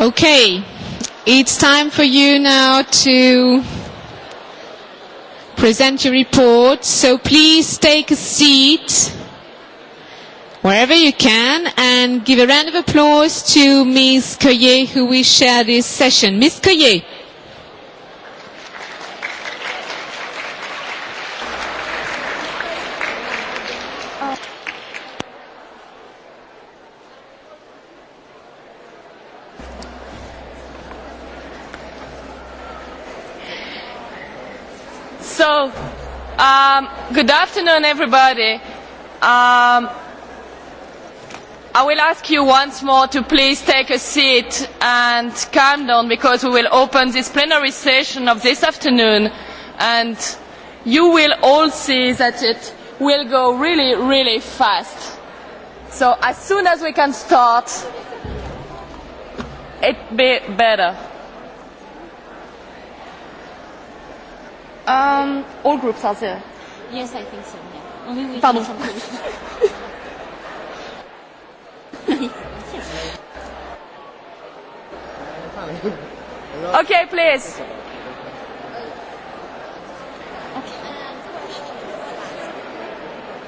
Okay, it's time for you now to present your report. So please take a seat wherever you can and give a round of applause to Ms. Coyer who will share this session. Ms. Coyer. afternoon, everybody. Um, I will ask you once more to please take a seat and calm down because we will open this plenary session of this afternoon and you will all see that it will go really, really fast. So as soon as we can start, it will be better. Um, all groups are there. Yes, I think so. Pardon. okay, please.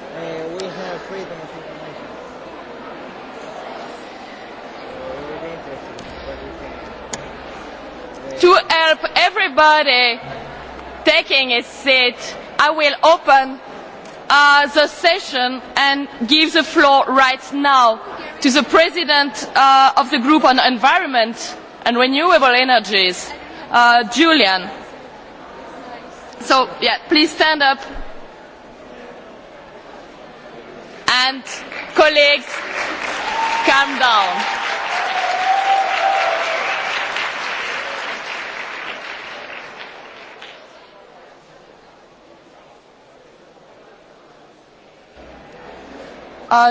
Uh, to help everybody taking a seat, I will open uh, the session and give the floor right now to the president uh, of the group on environment and renewable energies, uh, Julian. So, yeah, please stand up. And colleagues, calm down.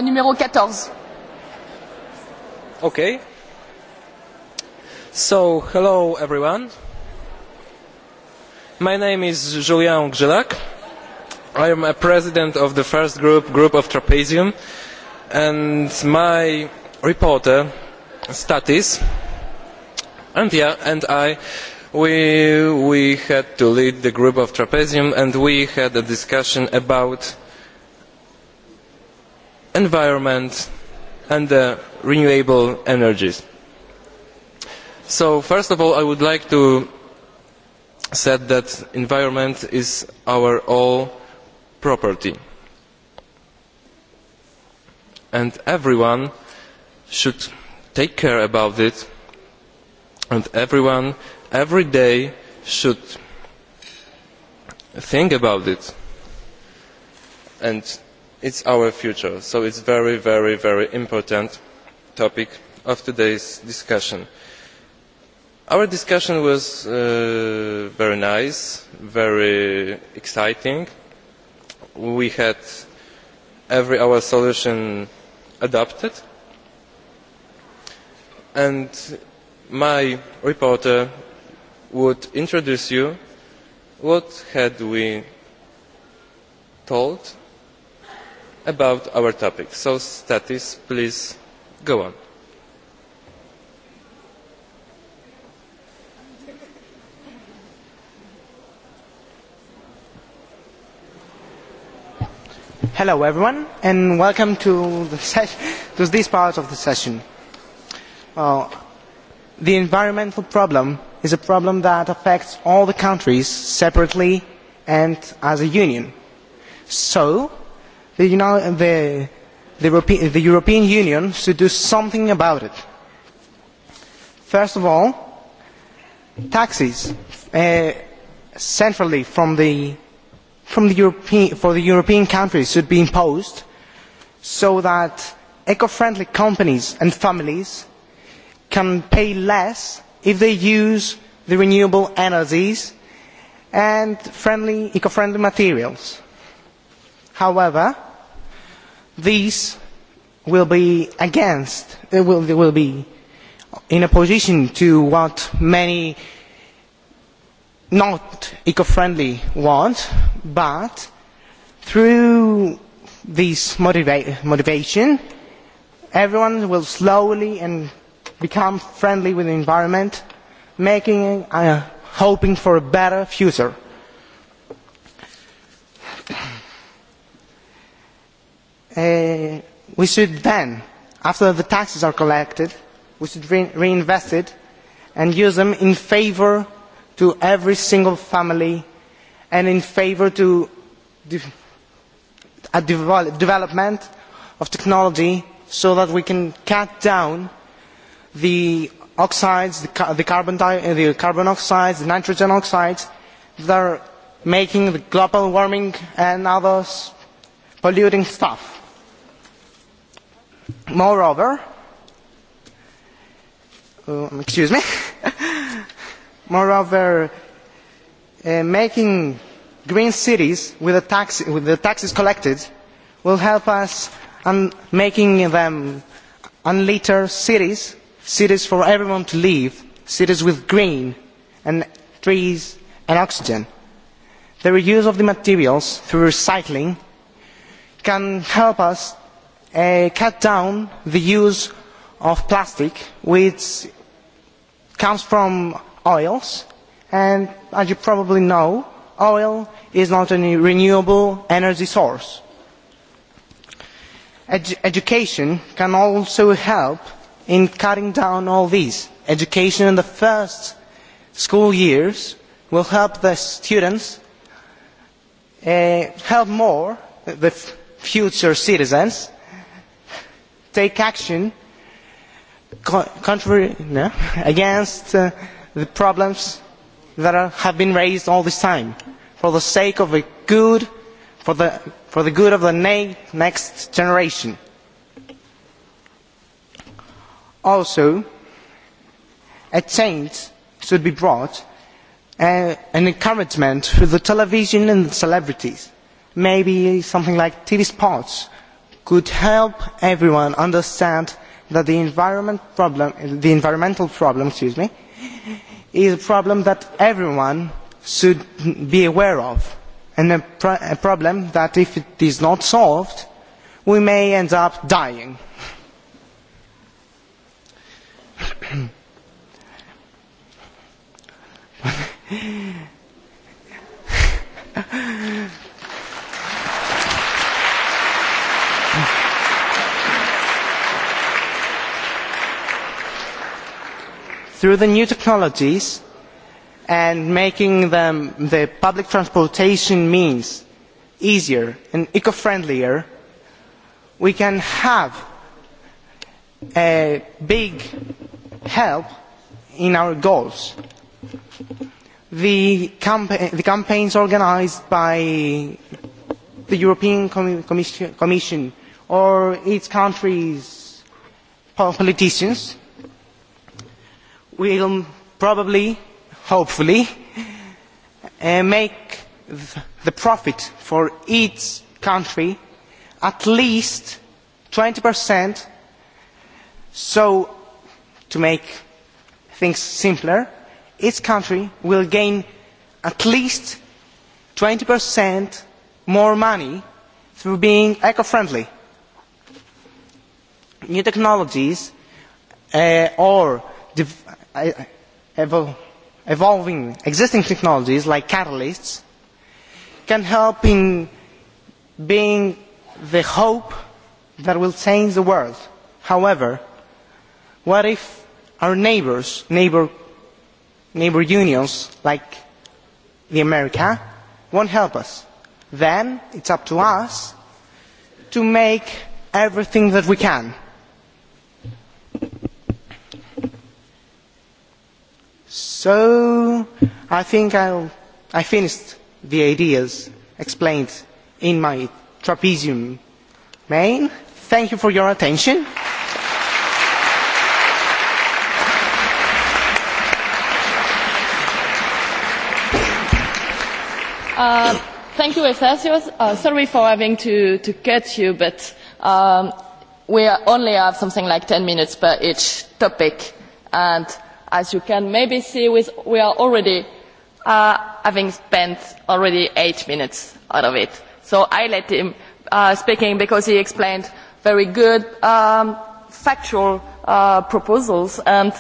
Numărul 14. Okay. So, hello everyone. My name is Julian Gelac. I am a president of the first group, group of Trapezium, and my reporter, Statis, and, yeah, and I, we, we had to lead the group of Trapezium, and we had a discussion about environment and renewable energies. So first of all I would like to say that environment is our all property and everyone should take care about it and everyone every day should think about it and it is our future so it is a very very important topic of today's discussion. our discussion was uh, very nice very exciting. we had every our solution adopted and my reporter would introduce you what had we told about our topic so Statis, please go on. Hello everyone and welcome to, to this part of the session. the environmental problem is a problem that affects all the countries separately and as a union. So, the, European Union should do something about it. First of all, taxes uh, centrally from the European, for the European countries should be imposed so that eco-friendly companies and families can pay less if they use the renewable energies and friendly, eco-friendly materials however these will be against will, will be in opposition to what many not eco friendly want but through this motiva motivation everyone will slowly and become friendly with the environment making uh, hoping for a better future Eh, we should then, after the taxes are collected, we should reinvest it and use them in favour to every single family and in favour to a devel development of technology so that we can cut down the oxides, the, ca the, carbon, uh, the carbon oxides, the nitrogen oxides that are making the global warming and other polluting stuff moreover um, excuse me moreover uh, making green cities with the, tax, with the taxes collected will help us in making them unlitter cities cities for everyone to live cities with green and trees and oxygen. the reuse of the materials through recycling can help us Uh, cut down the use of plastic which comes from oils and as you probably know oil is not a renewable energy source. education can also help in cutting down all these. Education in the first school years will help the students uh, help more the future citizens take action contrary, no, against uh, the problems that are, have been raised all this time for the sake of a good for the, for the good of the next generation. Also, a change should be brought uh, an encouragement for the television and celebrities, maybe something like TV spots could help everyone understand that the, environment problem, the environmental problem excuse me, is a problem that everyone should be aware of and a, pro a problem that if it is not solved we may end up dying. through the new technologies and making them, the public transportation means easier and eco-friendlier, we can have a big help in our goals. The, campa the campaigns organised by the European Com Commission, Commission or its countries' politicians will probably hopefully uh, make the profit for each country at least 20% so to make things simpler each country will gain at least 20% more money through being eco-friendly. New technologies uh, or evolving existing technologies like catalysts can help in being the hope that will change the world. However, what if our neighbours, neighbour, neighbour unions like the America, won't help us? Then it's up to us to make everything that we can So I think I'll, I finished the ideas explained in my trapezium main. Thank you for your attention. Uh, thank you, Eustatios. Uh, sorry for having to, to cut you, but um, we only have something like 10 minutes per each topic. And as you can maybe see we are already uh, having spent already eight minutes out of it. So I let him uh, speaking because he explained very good um, factual uh, proposals and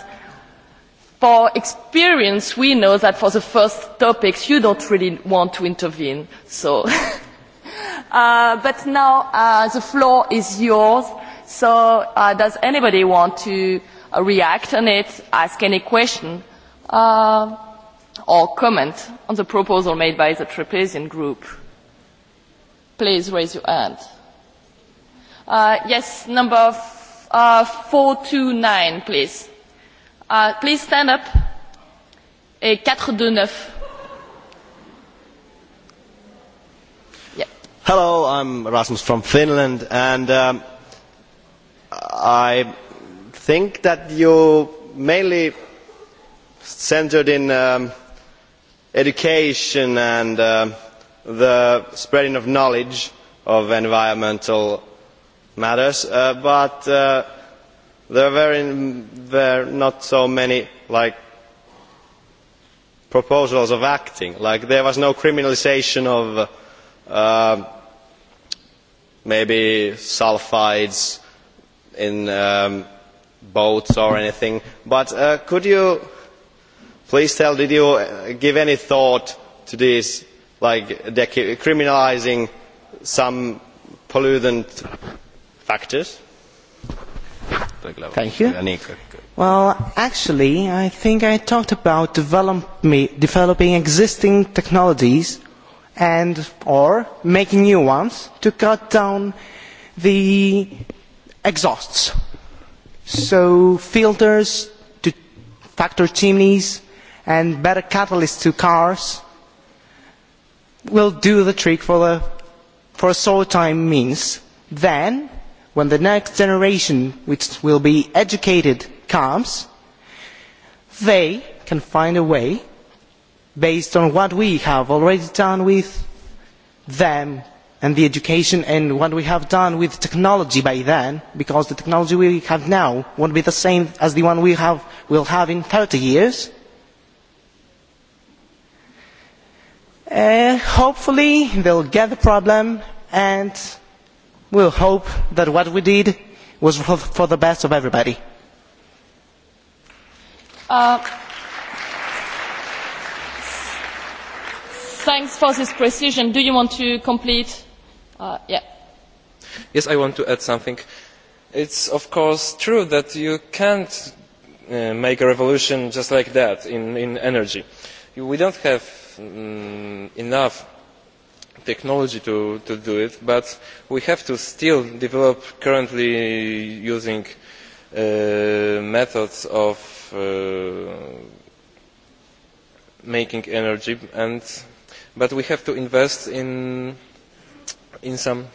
for experience we know that for the first topics you don't really want to intervene. So uh, but now uh, the floor is yours. So uh, does anybody want to react on it, ask any question uh, or comment on the proposal made by the Trapezian group. Please raise your hand. Uh, yes, number uh, 429, please. Uh, please stand up. Et 429. Yeah. Hello, I'm Rasmus from Finland, and um, I think that you mainly centred in um, education and um, the spreading of knowledge of environmental matters uh, but uh, there were not so many like proposals of acting like there was no criminalisation of uh, maybe sulphides in um, boats or anything but uh, could you please tell did you uh, give any thought to this like criminalising some pollutant factors? Thank you. Well, actually, I think I talked about develop me, developing existing technologies and or making new ones to cut down the exhausts so filters to factor chimneys and better catalysts to cars will do the trick for, the, for a short time means. Then, when the next generation, which will be educated, comes, they can find a way, based on what we have already done with them and the education and what we have done with technology by then, because the technology we have now won't be the same as the one we have, will have in 30 years. Uh, hopefully they'll get the problem and we'll hope that what we did was for, for the best of everybody. Uh, thanks for this precision. Do you want to complete? Uh, yes, I want to add something. It's of course true that you can't uh, make a revolution just like that in, energy. We don't have mm, enough technology to, do it, but we have to still develop currently using uh, methods of making energy, but we have to invest in in some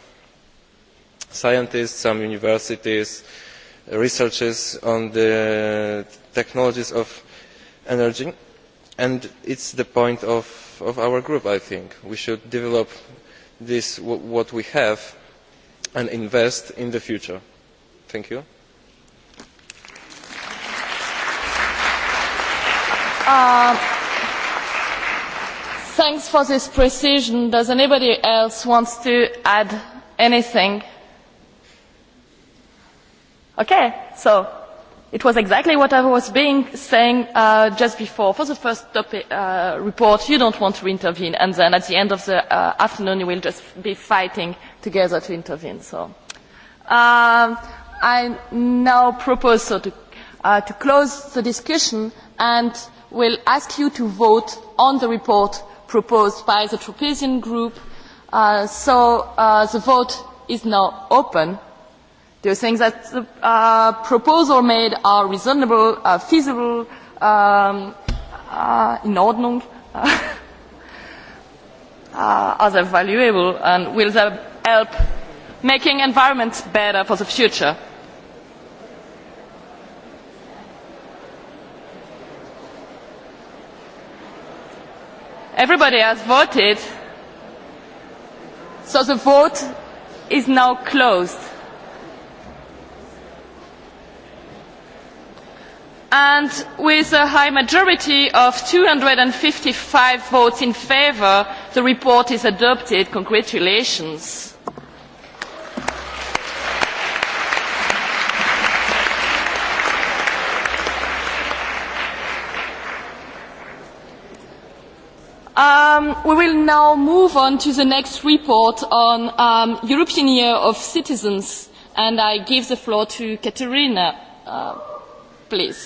scientists some universities researchers on the technologies of energy and it is the point of, of our group i think. we should develop this what we have and invest in the future. thank you. Uh thanks for this precision. Does anybody else want to add anything? Okay, so it was exactly what I was being saying uh, just before. For the first topic, uh, report, you don't want to intervene, and then at the end of the uh, afternoon, you will just be fighting together to intervene. So um, I now propose so to, uh, to close the discussion and will ask you to vote on the report proposed by the Tropezian group. Uh, so uh, the vote is now open. Do you think that the uh, proposal made are reasonable, uh, feasible, um, uh, in Ordnung? Uh, are they valuable and will they help making environments better for the future? Everybody has voted. So the vote is now closed. And with a high majority of 255 votes in favour, the report is adopted. Congratulations. Um, we will now move on to the next report on um, European Year of Citizens, and I give the floor to Katerina, uh, please.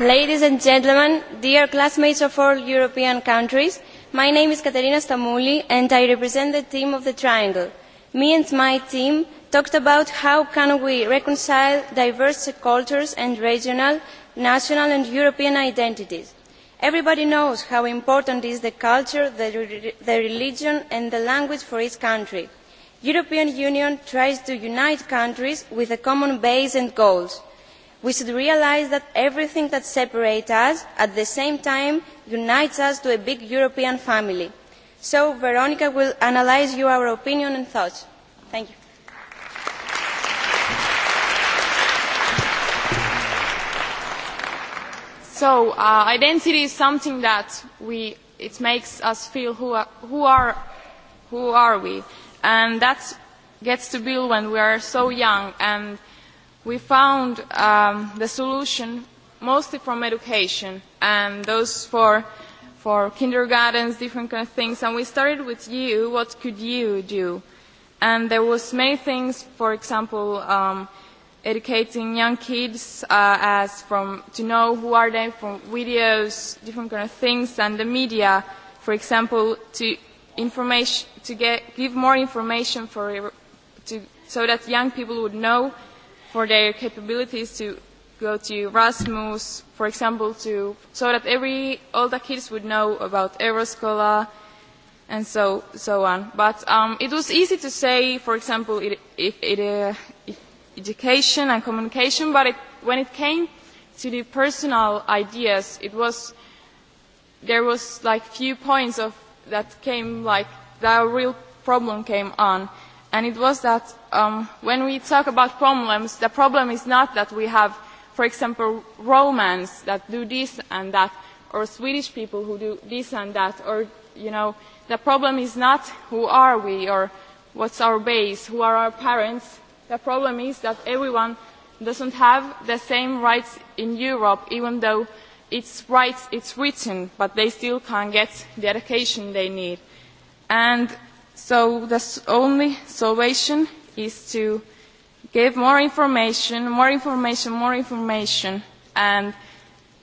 Ladies and gentlemen, dear classmates of all European countries, my name is Katerina Stamuli and I represent the team of the Triangle. Me and my team talked about how can we reconcile diverse cultures and regional, national and European identities. Everybody knows how important is the culture, the, religion and the language for each country. European Union tries to unite countries with a common base and goals. We should realise that everything that separates us at the same time unites us to a big European family. So Veronica will analyse your opinion and thoughts. Thank you. So uh, identity is something that we, it makes us feel who are, who are, who are we. And that gets to build when we are so young. And we found um, the solution mostly from education and those for, for kindergartens, different kind of things. And we started with you, what could you do? And there was many things, for example, um, educating young kids uh, as from to know who are they from videos, different kind of things, and the media, for example, to information to get give more information for to so that young people would know for their capabilities to go to Erasmus, for example, to so that every all the kids would know about Euroscola and so so on. But um, it was easy to say, for example, it, it, it, uh, education and communication, but when it came to the personal ideas, it was there was like few points of that came like the real problem came on, and it was that um, when we talk about problems, the problem is not that we have, for example, Romans that do this and that, or Swedish people who do this and that, or you know, the problem is not who are we or what's our base, who are our parents the problem is that everyone doesn't have the same rights in Europe, even though it's rights, it's written, but they still can't get the education they need. And so the only solution is to give more information, more information, more information, and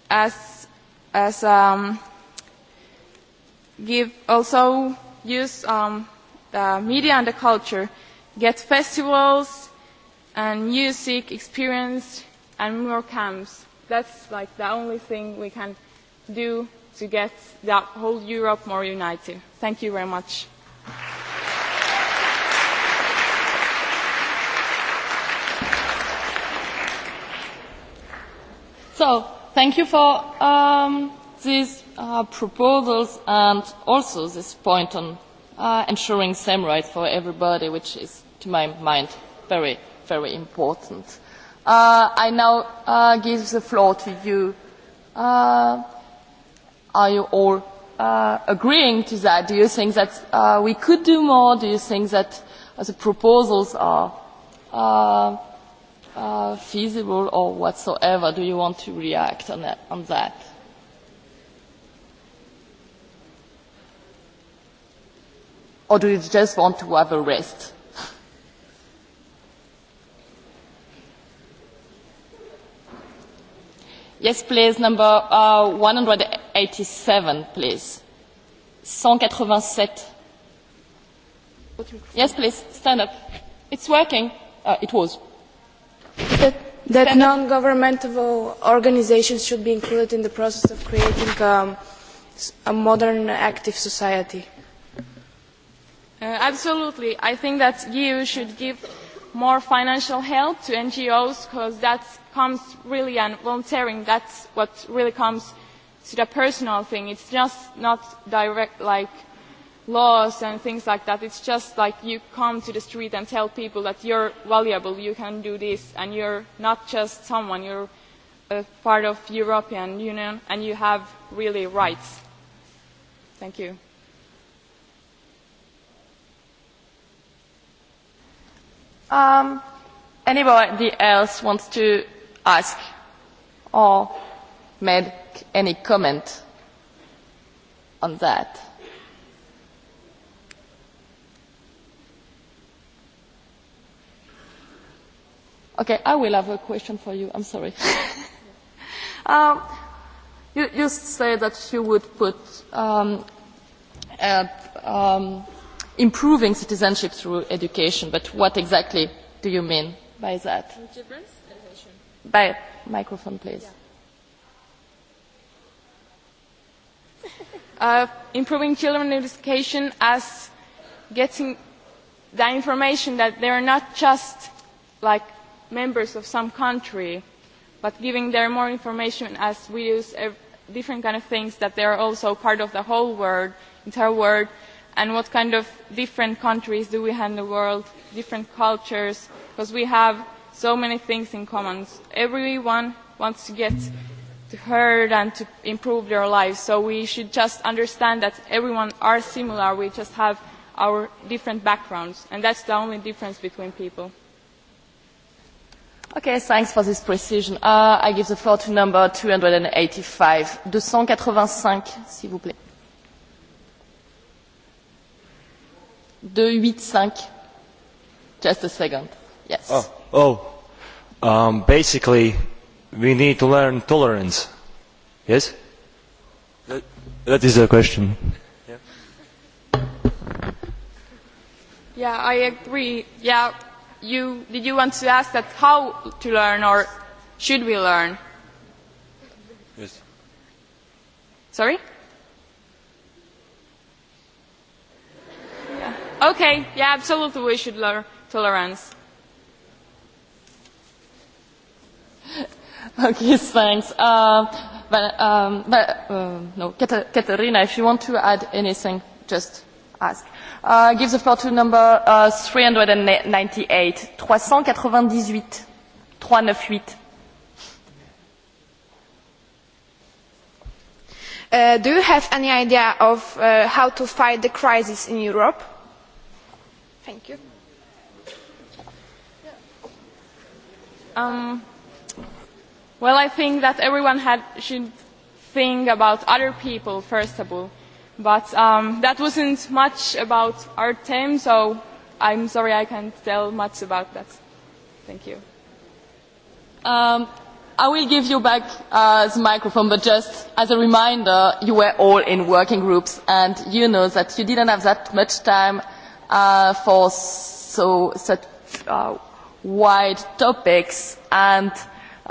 as, as um, give also use um, the media and the culture, get festivals, and music, experience, and more camps. That's like the only thing we can do to get the whole Europe more united. Thank you very much. So, thank you for um, these uh, proposals and also this point on uh, ensuring same rights for everybody, which is, to my mind, very very important. Uh, I now uh, give the floor to you. Uh, are you all uh, agreeing to that? Do you think that uh, we could do more? Do you think that uh, the proposals are uh, uh, feasible or whatsoever? Do you want to react on that? On that? Or do you just want to have a rest? Yes, please, number 187, uh, please. 187. Yes, please, stand up. It's working. Uh, it was. That, non-governmental organisations should be included in the process of creating um, a modern active society. Uh, absolutely. I think that EU should give more financial help to NGOs because that's comes really and volunteering that's what really comes to the personal thing it's just not direct like laws and things like that it's just like you come to the street and tell people that you're valuable you can do this and you're not just someone you're a part of european union and you have really rights thank you um anybody else wants to ask or make any comment on that? Okay, I will have a question for you. I'm sorry. um, you, you say that you would put um, at, um, improving citizenship through education, but what exactly do you mean by that? By microphone, please. Uh, improving children education as getting the information that they are not just like members of some country, but giving them more information as we use different kind of things that they are also part of the whole world, entire world, and what kind of different countries do we have in the world, different cultures, because we have so many things in common. Everyone wants to get to heard and to improve their lives, so we should just understand that everyone are similar, we just have our different backgrounds, and that's the only difference between people. Okay, thanks for this precision. Uh, I give the floor to number 285. 285, s'il vous plaît. 285. Just a second. Yes. Oh Oh, um, basically, we need to learn tolerance. Yes? That, that is the question. Yeah. yeah, I agree. Yeah, you did you want to ask that how to learn or should we learn? Yes. Sorry? Yeah. Okay, yeah, absolutely we should learn tolerance. Okay, thanks. Uh, but, um, but, uh, no, Katerina, if you want to add anything, just ask. Uh, give the floor to number uh, 398. 398. 398. Uh, do you have any idea of uh, how to fight the crisis in Europe? Thank you. Um, Well, I think that everyone had, should think about other people, first of all. But um, that wasn't much about our team, so I'm sorry I can't tell much about that. Thank you. Um, I will give you back uh, the microphone, but just as a reminder, you were all in working groups, and you know that you didn't have that much time uh, for so such uh, wide topics and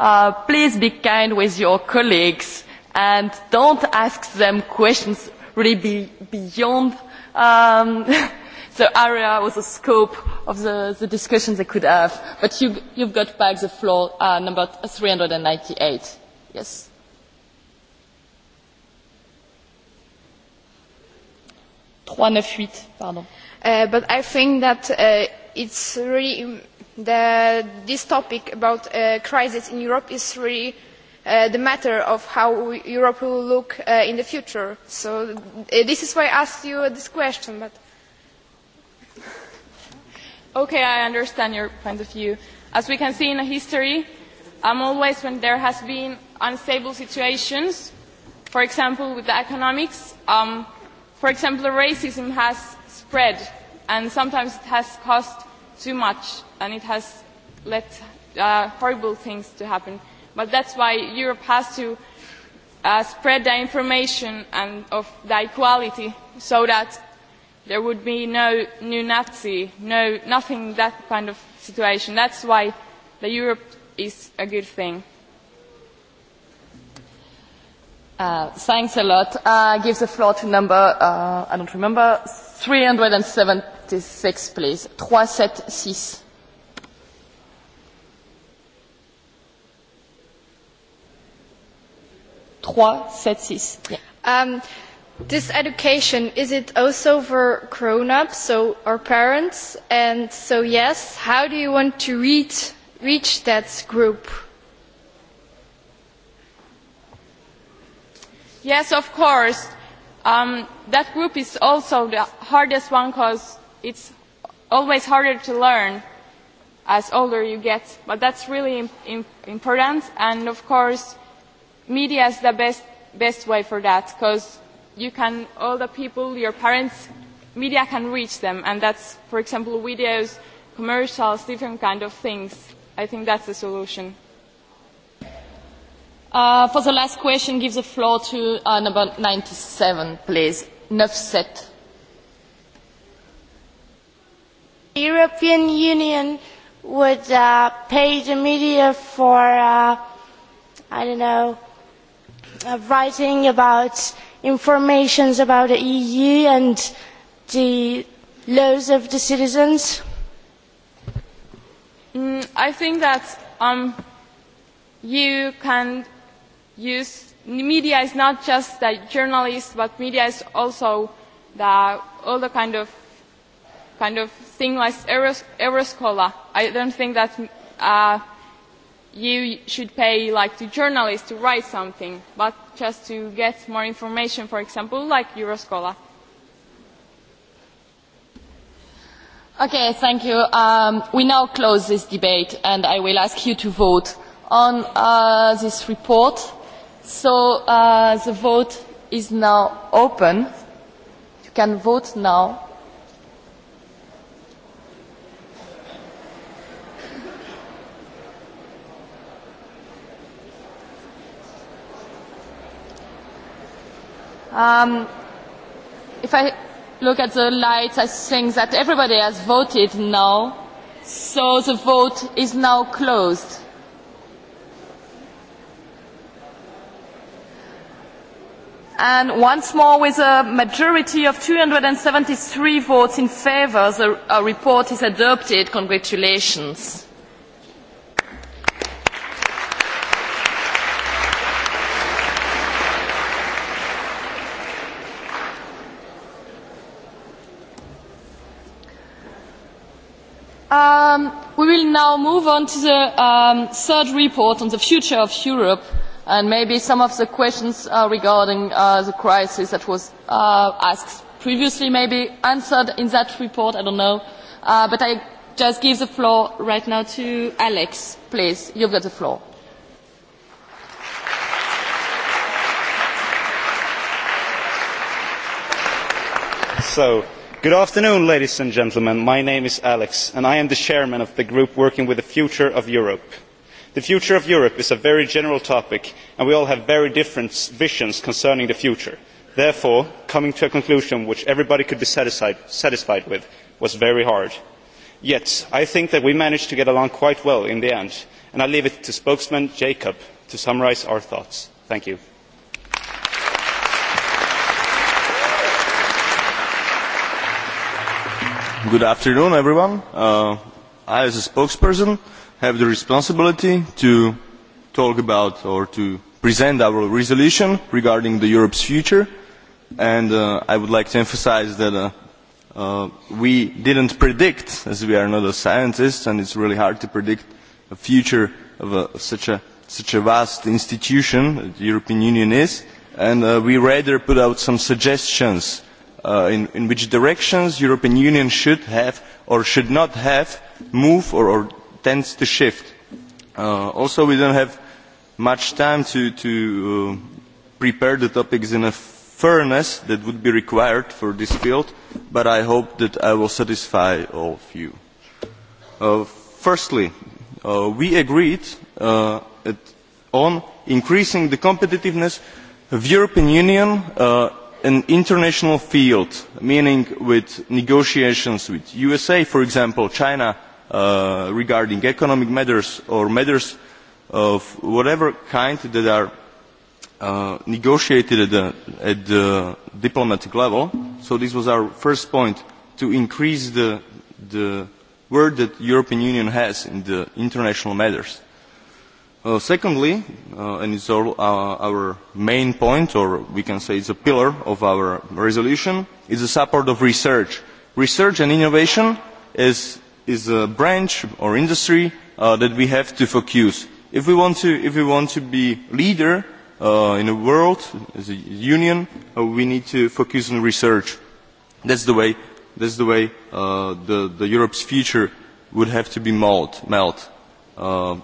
Uh, please be kind with your colleagues and don't ask them questions really be beyond um, the area or the scope of the, the discussion they could have. But you, you've got back the floor, uh, number 398. Yes. Uh, but I think that uh, it's really this topic about uh, crisis in Europe is really a uh, the matter of how Europe will look uh, in the future. So uh, this is why I asked you this question. But okay, I understand your point of view. As we can see in history, um, always when there has been unstable situations, for example with the economics, um, for example racism has spread and sometimes it has cost too much and it has let uh, horrible things to happen. But that's why Europe has to uh, spread the information and of the equality so that there would be no new Nazi, no, nothing that kind of situation. That's why the Europe is a good thing. Uh, thanks a lot. Uh, I uh, give the floor to number, uh, I don't remember, 376, please. 376. Um, this education is it also for grown ups so our parents and so yes how do you want to reach, reach that group? yes of course um, that group is also the hardest one because it's always harder to learn as older you get but that's really imp important and of course media is the best, best way for that because you can, all the people, your parents, media can reach them and that's, for example, videos, commercials, different kind of things. I think that's the solution. Uh, for the last question, give the floor to uh, number 97, please. Nefset. The European Union would uh, pay the media for, uh, I don't know, Uh, writing about information about the EU and the laws of the citizens? Mm, I think that um, you can use media is not just the journalists, but media is also the all the kind of kind of thing like Eros, Euroscola. I don't think that. Uh, you should pay like to journalists to write something, but just to get more information, for example, like Euroscola. Okay, thank you. Um, we now close this debate, and I will ask you to vote on uh, this report. So uh, the vote is now open. You can vote now. Um, if I look at the lights, I think that everybody has voted now. So the vote is now closed. And once more, with a majority of 273 votes in favour, the uh, report is adopted. Congratulations. Um, we will now move on to the um, third report on the future of Europe and maybe some of the questions uh, regarding uh, the crisis that was uh, asked previously maybe answered in that report, I don't know. but I just give the floor right now to Alex, please. You've got the floor. So, good afternoon ladies and gentlemen my name is alex and i am the chairman of the group working with the future of europe. the future of europe is a very general topic and we all have very different visions concerning the future. therefore coming to a conclusion which everybody could be satisfied with was very hard. yet i think that we managed to get along quite well in the end and i leave it to spokesman jacob to summarise our thoughts. thank you. Good afternoon, everyone. Uh, I, as a spokesperson, have the responsibility to talk about or to present our resolution regarding the Europe's future. And uh, I would like to emphasize that uh, uh, we didn't predict, as we are not a scientist, and it's really hard to predict the future of, a, of such, a, such a vast institution that the European Union is. And uh, we rather put out some suggestions Uh, in, which directions the european union should have or should not have moved or, tends to shift. Uh, also we do not have much time to, uh, prepare the topics in a fairness that would be required for this field but i hope that i will satisfy all of you. firstly we agreed on increasing the competitiveness of the european union an international field, meaning with negotiations with the USA, for example, China, uh, regarding economic matters or matters of whatever kind that are uh, negotiated at the, diplomatic level. So this was our first point, to increase the, word that the European Union has in international matters Uh, secondly, uh, and it's our, uh, our main point, or we can say it's a pillar of our resolution, is the support of research. Research and innovation is, is a branch or industry uh, that we have to focus. If we want to, if we want to be leader uh, in the world, as a union, uh, we need to focus on research. That's the way, that's the, way uh, the, the Europe's future would have to be mold, melt. Uh,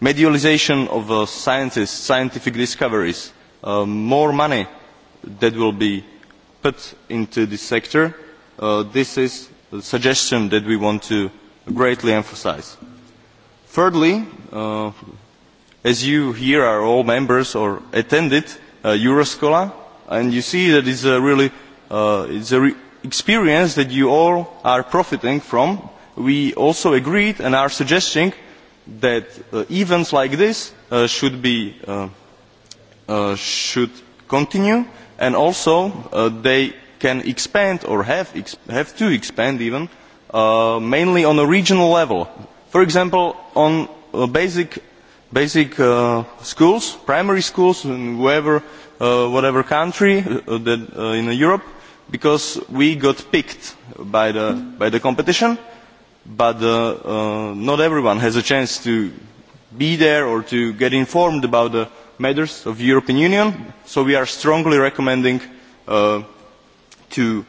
medialisation of uh, scientists, scientific discoveries, uh, more money that will be put into this sector, uh, this is a suggestion that we want to greatly emphasise. Thirdly, uh, as you here are all members or attended Euroscola, and you see that it's a really uh, it's a re experience that you all are profiting from, we also agreed and are suggesting uh, that uh, events like this uh, should be uh, uh, should continue and also uh, they can expand or have have to expand even uh, mainly on a regional level for example on uh, basic basic uh, schools primary schools in whoever uh, whatever country uh, that, uh, in Europe because we got picked by the by the competition uh, but uh, uh, not everyone has a chance to be there or to get informed about the matters of the European Union, so we are strongly recommending uh, to,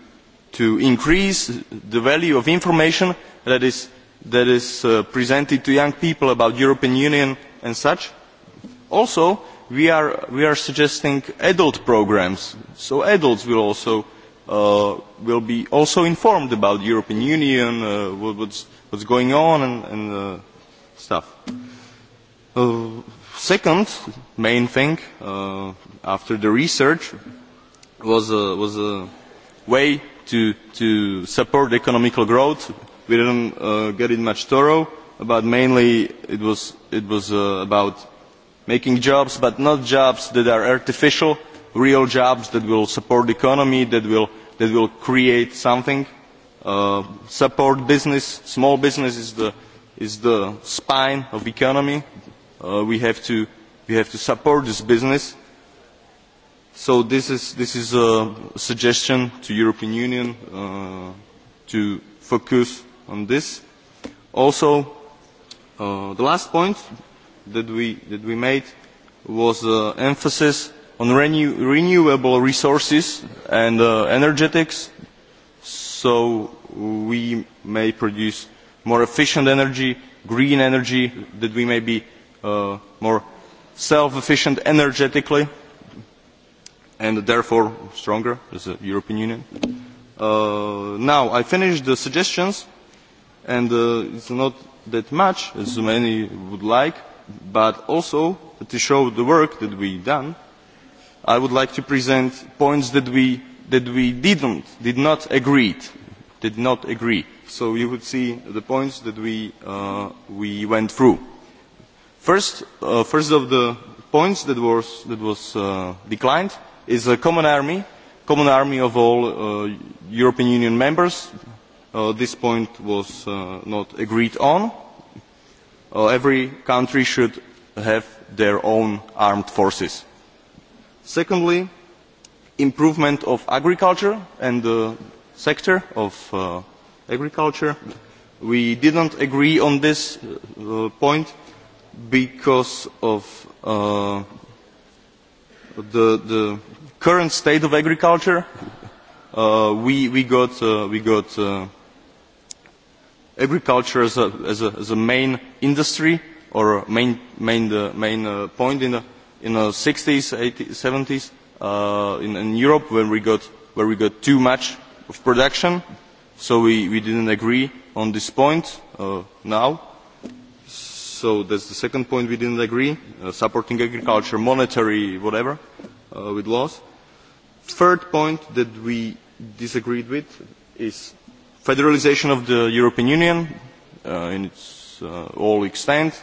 to increase the value of information that is, that is uh, presented to young people about the European Union and such. Also, we are, we are suggesting adult programs, so adults will also uh, will be also informed about the European Union, uh, what, what's, what's going on and, and uh, stuff. Uh, second main thing uh, after the research was a, uh, was a way to, to support economical growth. We didn't uh, get it much thorough, but mainly it was, it was uh, about making jobs, but not jobs that are artificial, real jobs that will support the economy, that will, that will create something. Uh, support business, small business is the, is the spine of the economy. Uh, we, have to, we have to support this business. So this is, this is a suggestion to European Union uh, to focus on this. Also, uh, the last point that we, that we made was uh, emphasis on renew renewable resources and uh, energetics so we may produce more efficient energy, green energy, that we may be uh, more self-efficient energetically and therefore stronger as a European Union. Uh, now, I finished the suggestions and uh, it's not that much as many would like, but also to show the work that we've done i would like to present points that we, did not agree on so you would see the points that we, uh, went through. Uh, first, of the points that was, uh, declined is a common army, common army of all European Union members. this point was not agreed on. every country should have their own armed forces secondly improvement of agriculture and the sector of uh, agriculture we did not agree on this uh, point because of uh, the, the current state of agriculture uh, we, we got, uh, we got uh, agriculture as a, as, a, as a main industry or main, main, main point in the in the 60s, 80s, 70s uh, in, in Europe when we got where we got too much of production, so we, we didn't agree on this point uh, now. So that's the second point we didn't agree, uh, supporting agriculture, monetary, whatever, uh, with laws. Third point that we disagreed with is federalization of the European Union uh, in its uh, all extent,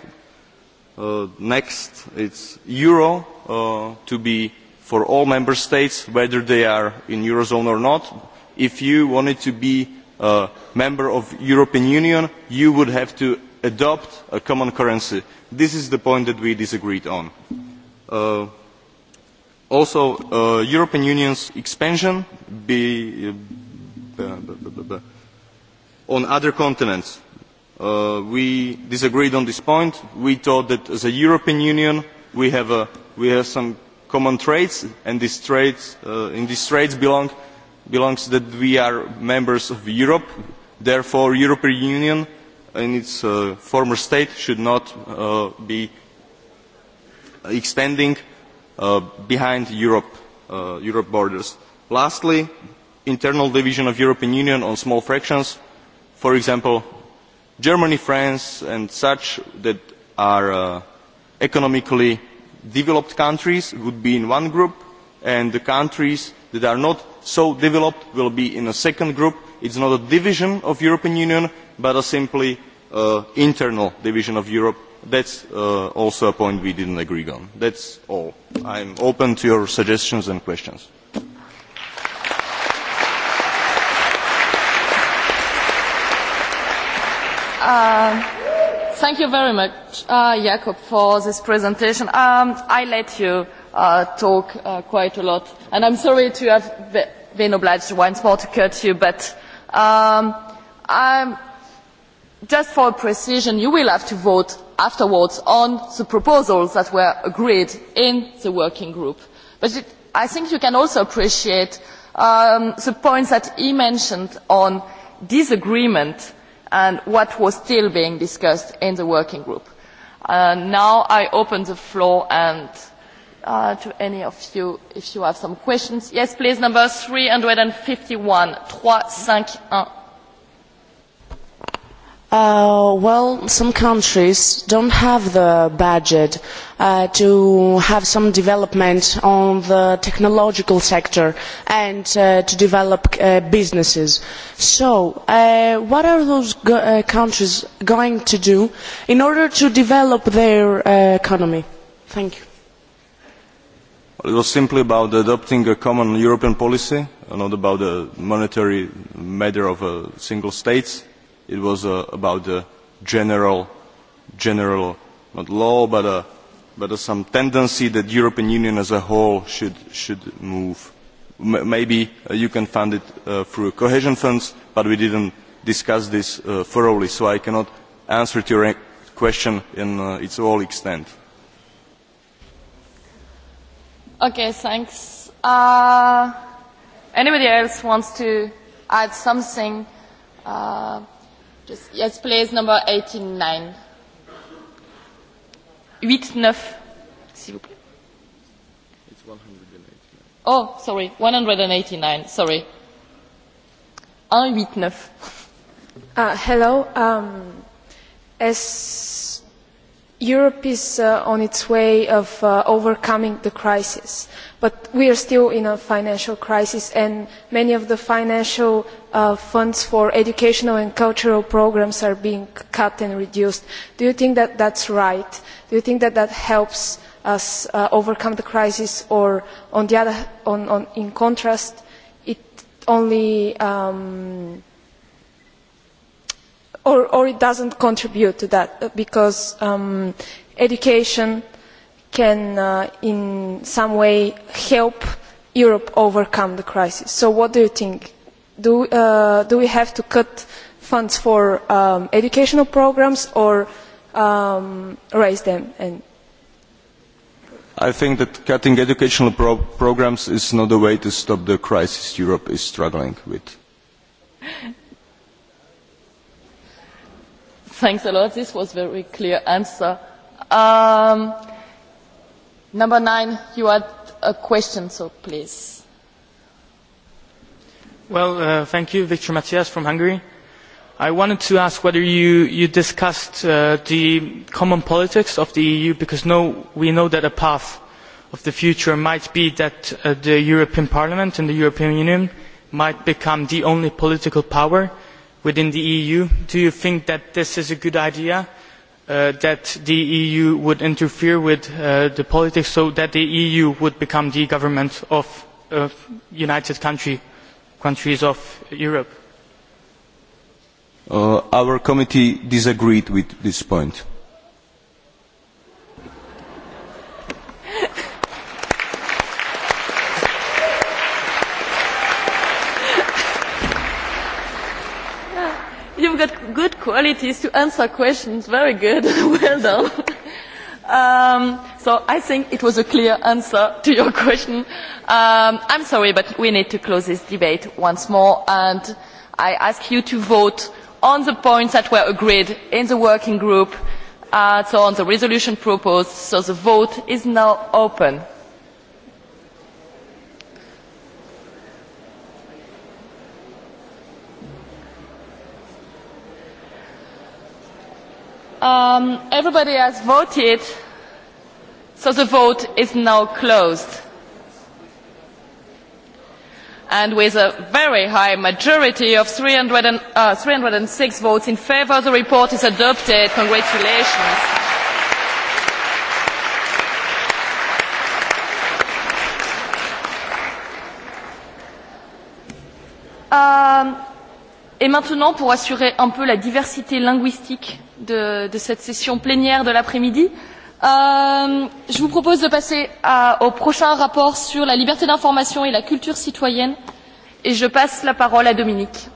Uh, next, it's euro uh, to be for all member states, whether they are in eurozone or not. If you wanted to be a member of European Union, you would have to adopt a common currency. This is the point that we disagreed on. Uh, also, uh, European Union's expansion be, uh, on other continents Uh, we disagreed on this point. We thought that as a European Union we have, some common traits and these traits, in uh, these traits belongs that we are members of Europe. Therefore, European Union in its uh, former state should not be extending beyond behind Europe borders. Lastly, internal division of European Union on small fractions, for example, germany france and such that are uh, economically developed countries would be in one group and the countries that are not so developed will be in a second group. it is not a division of the european union but a simply an uh, internal division of europe. that is uh, also a point we did not agree on. that is all. i am open to your suggestions and questions. Uh, thank you very much, uh, Jakob, for this presentation. Um, I let you uh, talk uh, quite a lot, and I'm sorry to have been obliged once more to cut you, but um, I'm, just for precision, you will have to vote afterwards on the proposals that were agreed in the working group. But it, I think you can also appreciate um, the points that he mentioned on disagreement and what was still being discussed in the working group. Uh, now I open the floor and uh, to any of you if you have some questions. Yes, please, number 351. 351. Uh, well, some countries don't have the budget uh, to have some development on the technological sector and uh, to develop uh, businesses. So, uh, what are those go countries going to do in order to develop their economy? Thank you. Well, it was simply about adopting a common European policy, not about the monetary matter of single states it was uh, about the general, general, not law, but, uh, but uh, some tendency that European Union as a whole should, should move. M maybe uh, you can fund it uh, through cohesion funds, but we didn't discuss this uh, thoroughly, so I cannot answer to your question in uh, its all extent. Okay, thanks. Uh, anybody else wants to add something? Uh, Just, yes, please, number 89. 8-9, s'il vous plaît. It's 189. Oh, sorry, 189, sorry. 189. Uh, hello. Um, as Europe is uh, on its way of uh, overcoming the crisis, but we are still in a financial crisis and many of the financial uh, funds for educational and cultural programs are being cut and reduced. Do you think that that's right? Do you think that that helps us uh, overcome the crisis or on the other, on, on, in contrast, it only um, or, or it doesn't contribute to that because um, education can uh, in some way help Europe overcome the crisis. So what do you think do, uh, do we have to cut funds for um, educational programs or um, raise them? And I think that cutting educational pro programs is not the way to stop the crisis Europe is struggling with. Thanks a lot. This was a very clear answer. Um, number nine, you had a question, so please. Uh, Victor Matias from Hungary. I wanted to ask whether you, discussed uh, the common politics of the EU, because we know that a path of the future might be that uh, the European Parliament and the European Union might become the only political power within the EU. Do you think that this is a good idea, that the EU would interfere with the politics so that the EU would become the government of a united country countries of Europe? Uh, our committee disagreed with this point. You've got good qualities to answer questions. Very good. well done. Um, so I think it was a clear answer to your question. Um, I'm sorry, but we need to close this debate once more, and I ask you to vote on the points that were agreed in the working group, uh, so on the resolution proposed. So the vote is now open. Um, everybody has voted, so the vote is now closed. And with a very high majority of and, uh, 306 votes in favour, the report is adopted. Congratulations. Um, Et maintenant, pour assurer un peu la diversité linguistique de, de cette session plénière de l'après-midi, euh, je vous propose de passer à, au prochain rapport sur la liberté d'information et la culture citoyenne. Et je passe la parole à Dominique.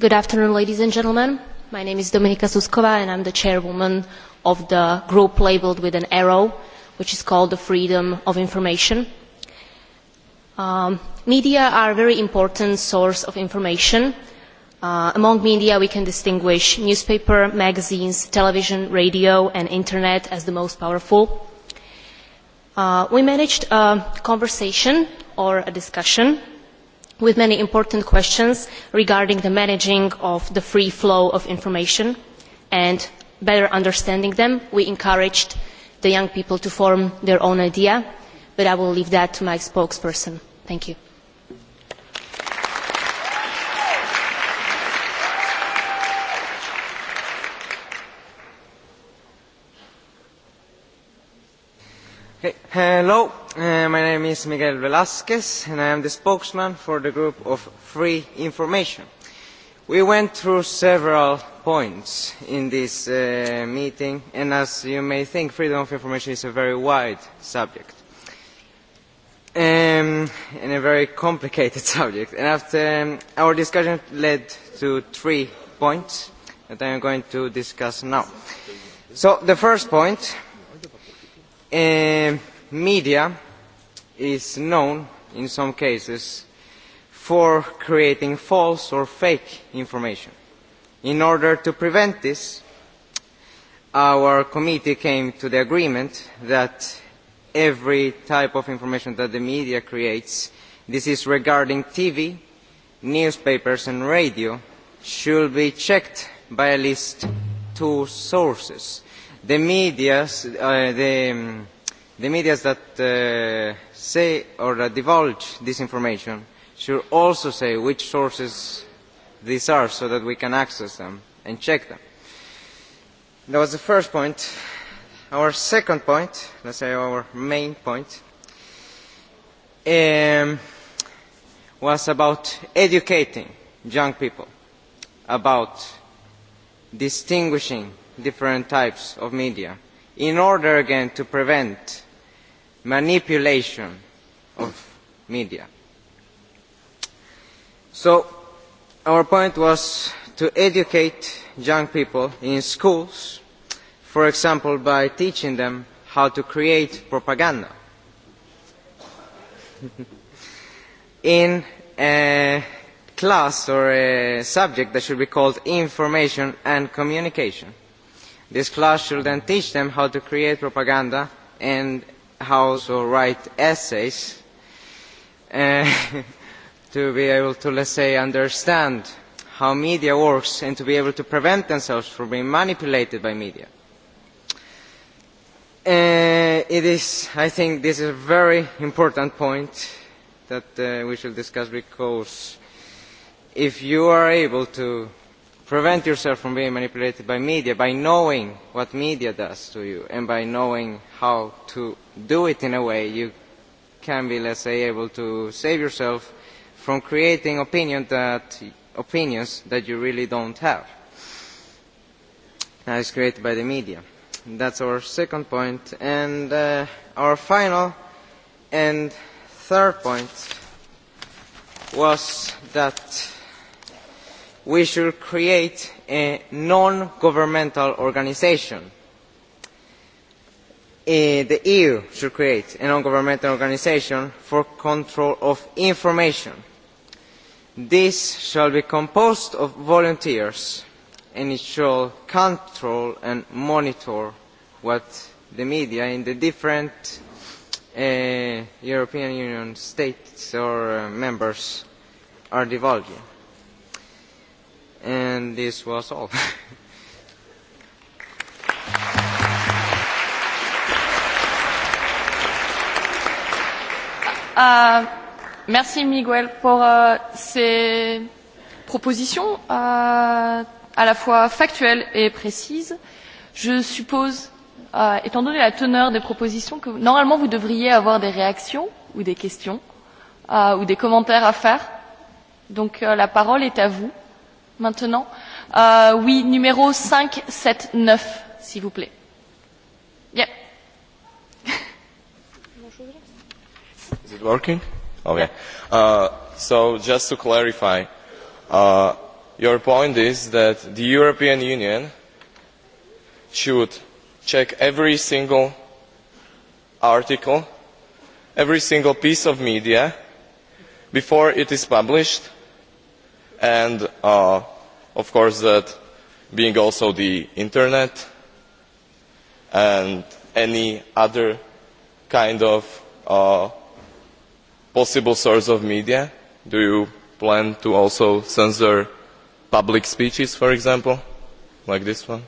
Good afternoon, ladies and gentlemen. My name is Dominika Suskova, and I'm the chairwoman of the group labeled with an arrow, which is called the Freedom of Information Um, media are a very important source of information. Uh, among media, we can distinguish newspaper, magazines, television, radio, and internet as the most powerful. Uh, we managed a conversation or a discussion with many important questions regarding the managing of the free flow of information and better understanding them. We encouraged the young people to form their own idea but I will leave that to my spokesperson. Thank you. Hello, uh, my name is Miguel Velasquez and I am the spokesman for the group of Free Information. We went through several points in this uh, meeting and as you may think, freedom of information is a very wide subject Um, in a very complicated subject. And after um, our discussion led to three points that I am going to discuss now. So the first point, uh, media is known in some cases for creating false or fake information. In order to prevent this, our committee came to the agreement that every type of information that the media creates. This is regarding TV, newspapers and radio should be checked by at least two sources. The medias, uh, the, um, the medias that uh, say or that divulge this information should also say which sources these are so that we can access them and check them. That was the first point. Our second point, let's say our main point, um, was about educating young people about distinguishing different types of media in order again to prevent manipulation of media. So our point was to educate young people in schools for example by teaching them how to create propaganda. in a class or a subject that should be called information and communication. This class should then teach them how to create propaganda and how to write essays uh, to be able to, let's say, understand how media works and to be able to prevent themselves from being manipulated by media. Uh, it is, I think this is a very important point that uh, we should discuss because if you are able to prevent yourself from being manipulated by media by knowing what media does to you and by knowing how to do it in a way you can be, let's say, able to save yourself from creating opinion that, opinions that you really don't have. That is created by the media That's our second point. And uh, our final and third point was that we should create a non-governmental organisation. Uh, the EU should create a non-governmental organisation for control of information. This shall be composed of volunteers and it shall control and monitor what the media in the different uh, European Union states or uh, members are divulging. And this was all. uh, merci Miguel pour uh, ces propositions. Uh, à la fois factuelle et précise. Je suppose, euh, étant donné la teneur des propositions, que normalement vous devriez avoir des réactions ou des questions euh, ou des commentaires à faire. Donc euh, la parole est à vous maintenant. Euh, oui, numéro 579, s'il vous plaît. Yep. Is it working? Okay. Uh, so just to clarify, uh, your point is that the european union should check every single article every single piece of media before it is published and uh, of course that being also the internet and any other kind of uh, possible source of media do you plan to also censor public speeches for example like this one?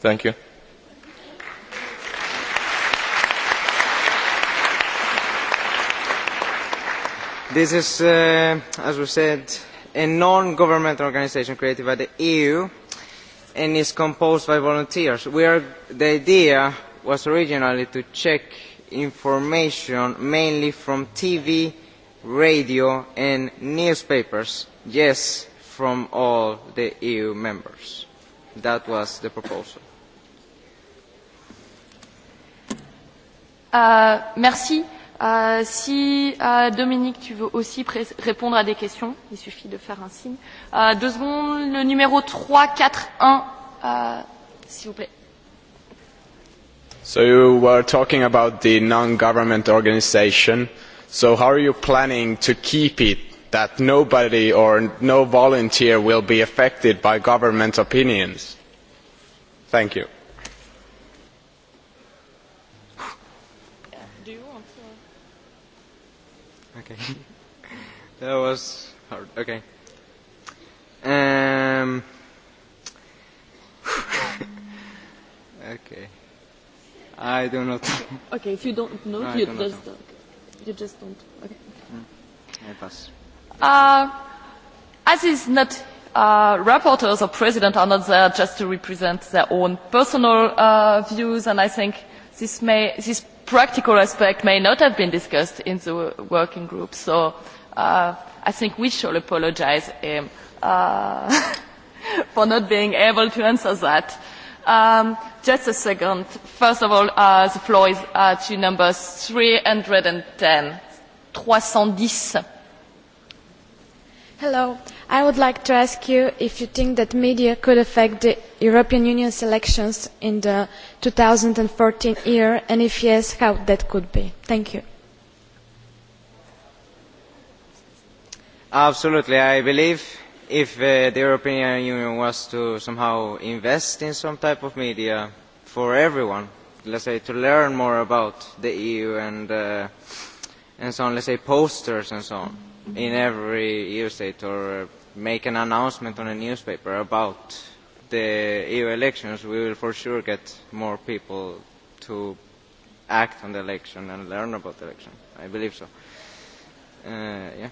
thank you. this is uh, as we said a non governmental organisation created by the eu and is composed by volunteers. Are, the idea was originally to check information mainly from tv radio and newspapers. yes from all the EU members. That was the proposal. Uh, merci. Uh, si uh, Dominique, tu veux aussi répondre à des questions, il suffit de faire un signe. Uh, deux secondes, le numéro 341, uh, s'il vous plaît. So you were talking about the non-government organization. So how are you planning to keep it that nobody or no volunteer will be affected by government opinions? Thank you. Do you want to? Okay. that was hard. Okay. Um. okay. I do not. okay, if you don't know, no, you don't just know. you just don't. Okay. Mm. I pass. Uh, as is not uh, rapporteurs or president are not there just to represent their own personal uh, views, and I think this, practical aspect may not have been discussed in the working group. So uh, I think we should apologise um, uh, for not being able to answer that. Um, just a second. First of all, the floor is to uh, to number 310. 310. Hello. I would like to ask you if you think that media could affect the European Union's elections in the 2014 year, and if yes, how that could be. Thank you. Absolutely. I believe if uh, the European Union was to somehow invest in some type of media for everyone, let's say to learn more about the EU and, uh, and so on, let's say posters and so on in every EU state or uh, make an announcement on a newspaper about the EU elections, we will for sure get more people to act on the election and learn about the election. I believe so. Uh, yeah.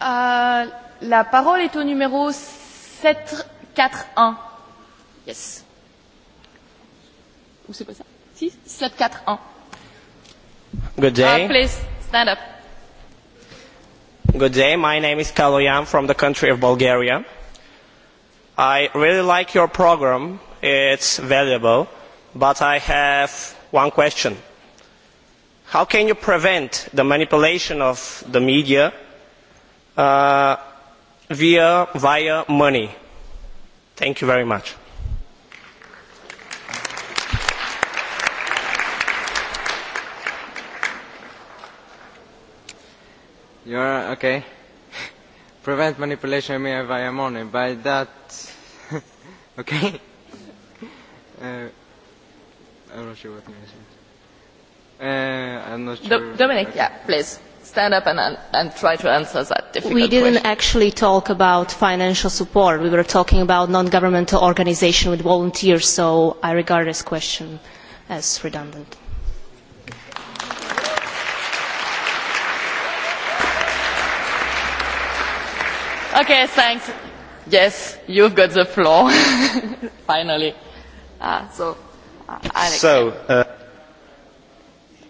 Uh, la parole est au numéro 741. Yes. Ou c'est pas ça? 741. Good day. Uh, please. Stand up. Good day. My name is Kaloyan from the country of Bulgaria. I really like your program. It's valuable. But I have one question. How can you prevent the manipulation of the media uh, via, via money? Thank you very much. you are okay. Prevent manipulation via money. By that, okay. Uh, uh, I'm not sure what means. Uh, I'm not sure. Do Dominic, yeah, please stand up and, and try to answer that difficult We didn't question. actually talk about financial support. We were talking about non-governmental organization with volunteers, so I regard this question as redundant. Ok, thanks. Yes, you've got the floor. Finally. Ah, so, uh, Alex. So, uh,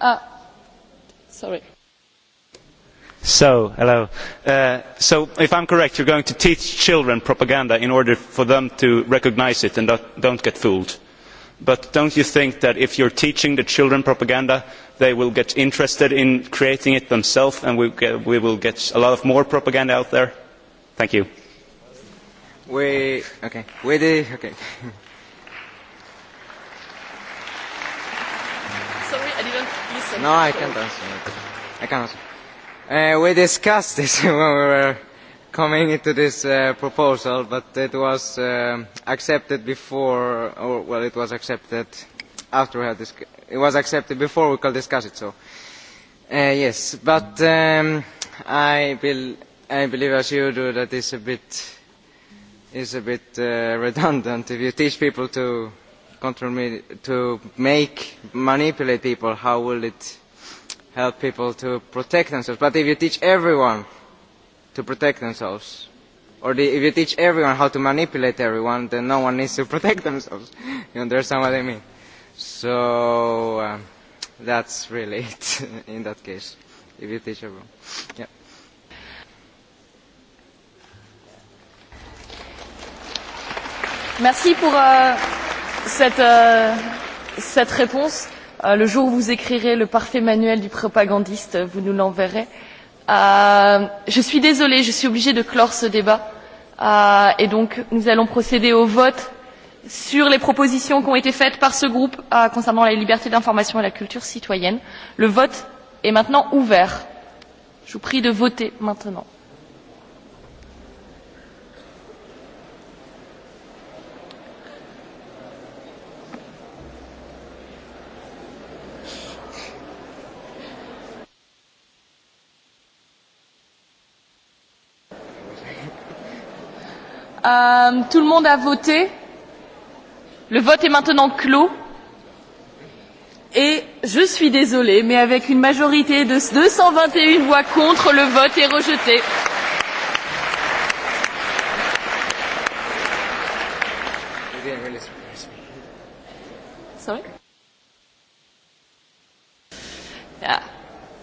uh, sorry. So, hello. Uh, so, if I'm correct, you're going to teach children propaganda in order for them to recognize it and not, don't get fooled. But don't you think that if you're teaching the children propaganda, they will get interested in creating it themselves and we, get, we will get a lot of more propaganda out there? Thank you. We, okay. We did, okay. Sorry, I didn't listen. No, I can't answer. I can't answer. Uh, we discussed this when we were coming into this uh, proposal, but it was uh, accepted before, or well, it was accepted after we had this. It was accepted before we could discuss it. So, uh, yes, but um, I will I believe, as you do, that it's a bit, it's a bit uh, redundant. If you teach people to control me, to make, manipulate people, how will it help people to protect themselves? But if you teach everyone to protect themselves, or the, if you teach everyone how to manipulate everyone, then no one needs to protect themselves. you understand what I mean? So um, that's really it in that case, if you teach everyone. Yeah. Merci pour euh, cette, euh, cette réponse. Euh, le jour où vous écrirez le parfait manuel du propagandiste, vous nous l'enverrez. Euh, je suis désolée, je suis obligée de clore ce débat. Euh, et donc, nous allons procéder au vote sur les propositions qui ont été faites par ce groupe euh, concernant la liberté d'information et la culture citoyenne. Le vote est maintenant ouvert. Je vous prie de voter maintenant. Euh, tout le monde a voté. Le vote est maintenant clos. Et je suis désolée, mais avec une majorité de 221 voix contre, le vote est rejeté. Sorry? Yeah,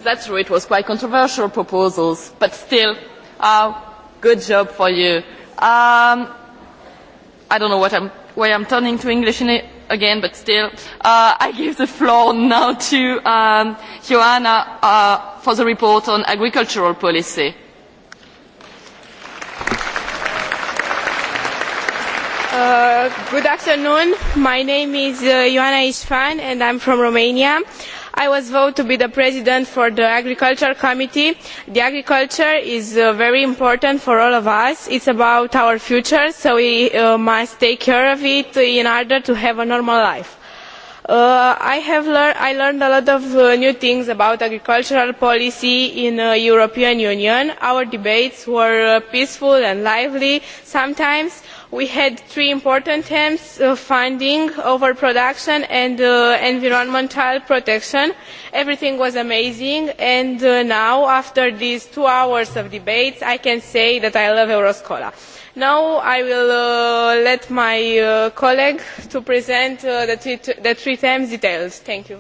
that's true. It was quite controversial proposals, but still, oh, good job for you. Um, I don't know what I'm, why I'm turning to English in it again, but still, uh, I give the floor now to um, Joanna uh, for the report on agricultural policy. Uh, good afternoon. My name is uh, Ioana Isfan and I'm from Romania. Uh, i was voted to be the president for the agriculture committee. agriculture is uh, very important for all of us. It's about our future, so we uh, must take care of it in order to have a normal life. Uh, I have I learned a lot of new things about agricultural policy in the European Union. Our debates were peaceful and lively sometimes, we had three important themes uh, funding overproduction and uh, environmental protection. everything was amazing and uh, now after these two hours of debates i can say that i love euroscola. now i will let my colleague to present the three, the three themes details. thank you.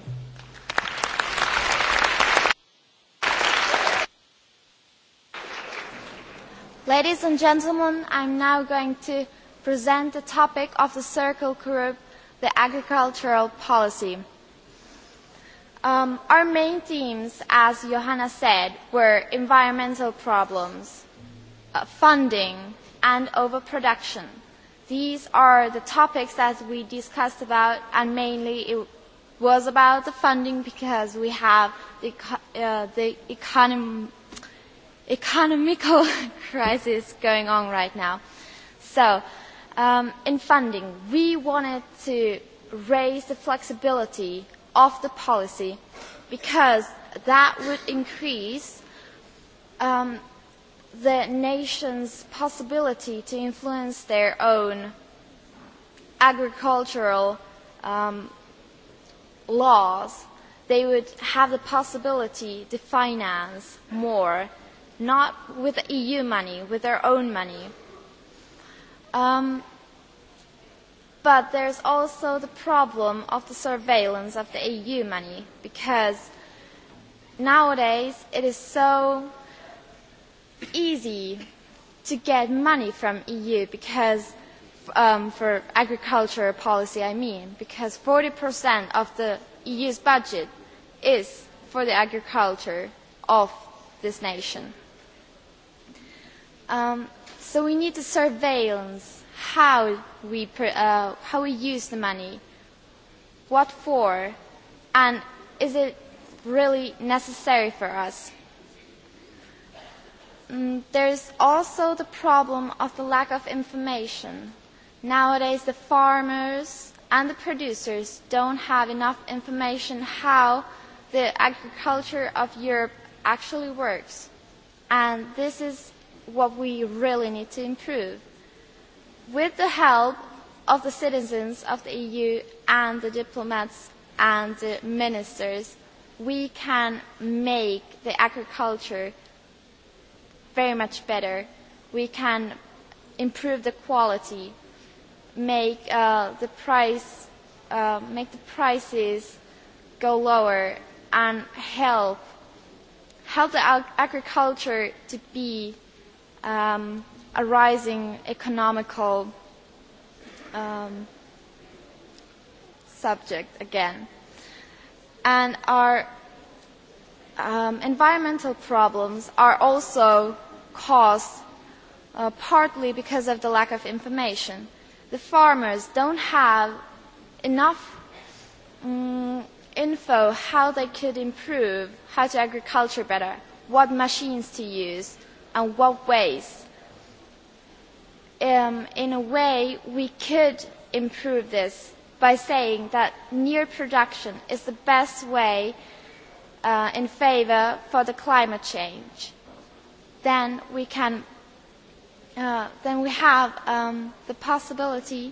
Ladies and gentlemen, I'm now going to present the topic of the circle group, the agricultural policy. Um, our main themes, as Johanna said, were environmental problems, uh, funding, and overproduction. These are the topics that we discussed about, and mainly it was about the funding because we have the, uh, the econom economical crisis going on right now. So Um, in funding, we wanted to raise the flexibility of the policy because that would increase um, the nation's possibility to influence their own agricultural um, laws. They would have the possibility to finance more, not with EU money, with their own money Um, but there's also the problem of the surveillance of the EU money because nowadays it is so easy to get money from EU because um, for agriculture policy I mean because 40% of the EU's budget is for the agriculture of this nation. Um, So we need to surveillance how we, uh, how we use the money, what for, and is it really necessary for us? Mm, there's also the problem of the lack of information. Nowadays, the farmers and the producers don't have enough information how the agriculture of Europe actually works. And this is what we really need to improve. With the help of the citizens of the EU and the diplomats and the ministers, we can make the agriculture very much better. We can improve the quality, make uh, the price, uh, make the prices go lower, and help help the ag- agriculture to be um, rising economical um, subject again. And our um, environmental problems are also caused uh, partly because of the lack of information. The farmers don't have enough um, info how they could improve, how to agriculture better, what machines to use, and what ways. Um, in a way, we could improve this by saying that near production is the best way uh, in favour for the climate change. Then we can, uh, then we have um, the possibility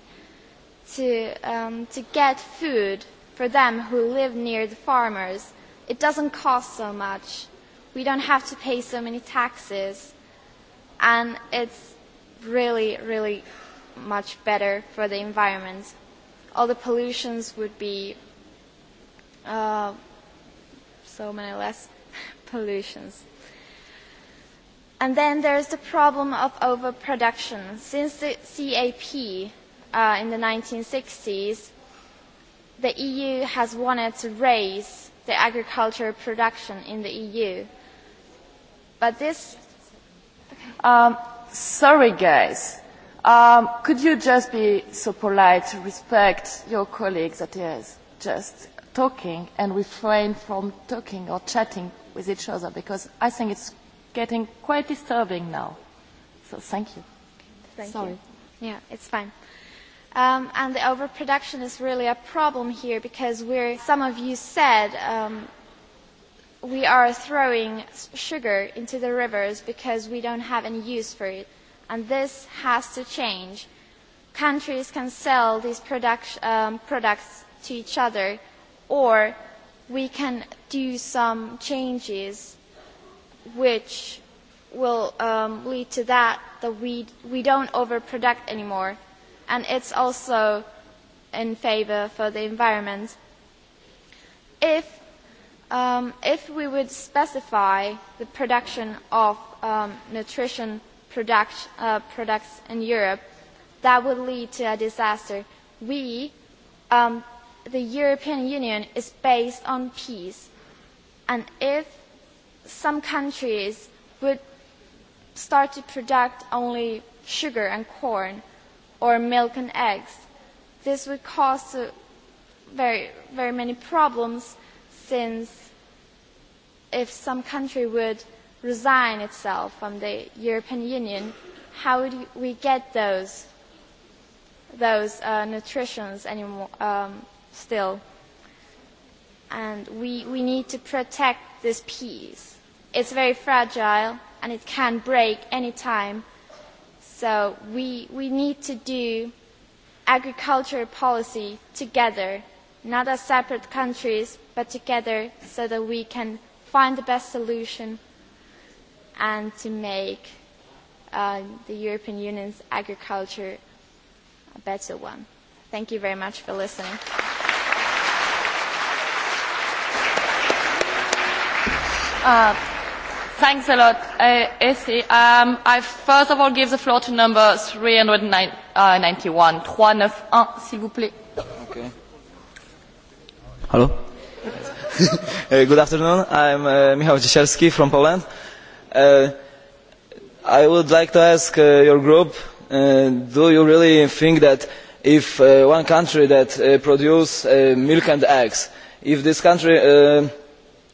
to um, to get food for them who live near the farmers. It doesn't cost so much. We don't have to pay so many taxes and it's really, really much better for the environment. All the pollutions would be uh, so many less pollutions. And then there's the problem of overproduction. Since the CAP uh, in the 1960s, the EU has wanted to raise the agricultural production in the EU. But this Um, sorry, guys. Um, could you just be so polite to respect your colleagues that is just talking and refrain from talking or chatting with each other because I think it's getting quite disturbing now. So thank you. Thank Sorry. You. Yeah, it's fine. Um, and the overproduction is really a problem here because we're, some of you said, um, we are throwing sugar into the rivers because we don't have any use for it. And this has to change. Countries can sell these product, um, products to each other or we can do some changes which will um, lead to that that we, we don't overproduct anymore. And it's also in favor for the environment. If Um, if we would specify the production of um, nutrition product, uh, products in Europe, that would lead to a disaster. We, um, the European Union, is based on peace. And if some countries would start to produce only sugar and corn or milk and eggs, this would cause very, very many problems since if some country would resign itself from the European Union, how would we get those those uh, nutritions anymore um, still? And we we need to protect this peace. It's very fragile and it can break any time. So we we need to do agriculture policy together, not as separate countries, but together so that we can find the best solution and to make uh, the European Union's agriculture a better one. Thank you very much for listening. Uh, thanks a lot, uh, Essie. Um, I first of all give the floor to number 391. 391, uh, s'il vous plaît. Okay. Hello? Eh, good afternoon. I'm uh, Michał Dziesielski from Poland. Uh, I would like to ask uh, your group, uh, do you really think that if uh, one country that uh, produces uh, milk and eggs, if this country uh,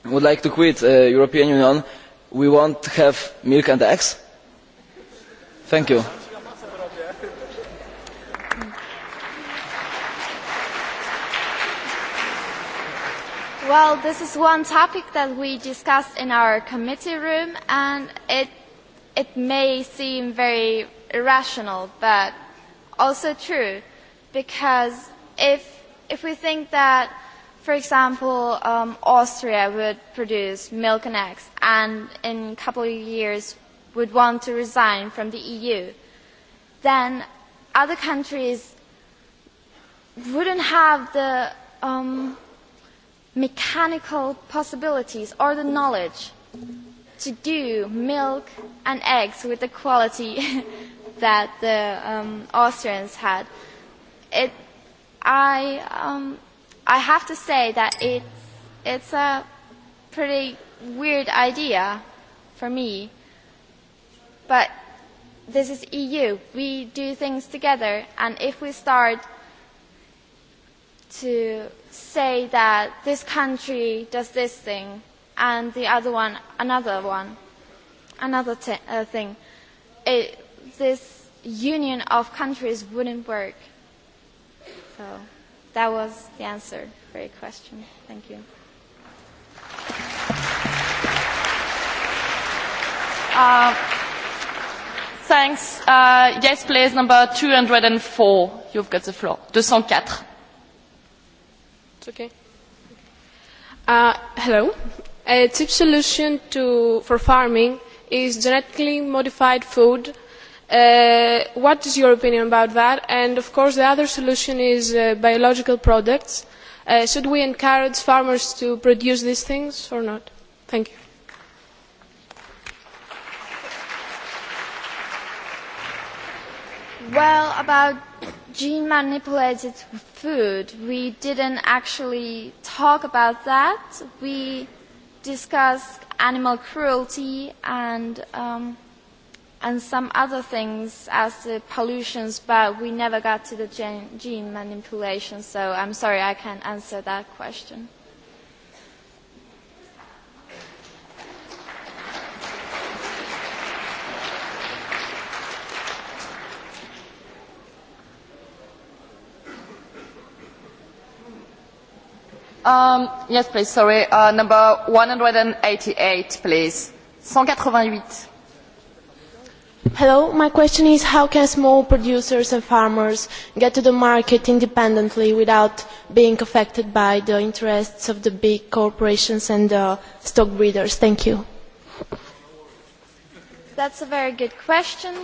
would like to quit the uh, European Union, we won't have milk and eggs? Thank you. Well, this is one topic that we discussed in our committee room, and it, it may seem very irrational, but also true, because if, if we think that, for example, um, Austria would produce milk and eggs, and in a couple of years would want to resign from the EU, then other countries wouldn't have the um, mechanical possibilities or the knowledge to do milk and eggs with the quality that the um, Austrians had. It, I, um, I have to say that it, it's a pretty weird idea for me, but this is EU. We do things together, and if we start to say that this country does this thing and the other one another one another t- uh, thing it, this union of countries wouldn't work so that was the answer for your question thank you uh, thanks uh, yes please number 204 you've got the floor 204 okay. Uh, hello. A cheap solution to, for farming is genetically modified food. Uh, what is your opinion about that? And of course, the other solution is uh, biological products. Uh, should we encourage farmers to produce these things or not? Thank you. Well, about gene manipulated food, we didn't actually talk about that. We discussed animal cruelty and um, and some other things as the pollutions, but we never got to the gene, gene manipulation. So I'm sorry, I can't answer that question. Um, yes, please, sorry. Uh, number 188, please. Hello, my question is how can small producers and farmers get to the market independently without being affected by the interests of the big corporations and the stock breeders? Thank you. That's a very good question.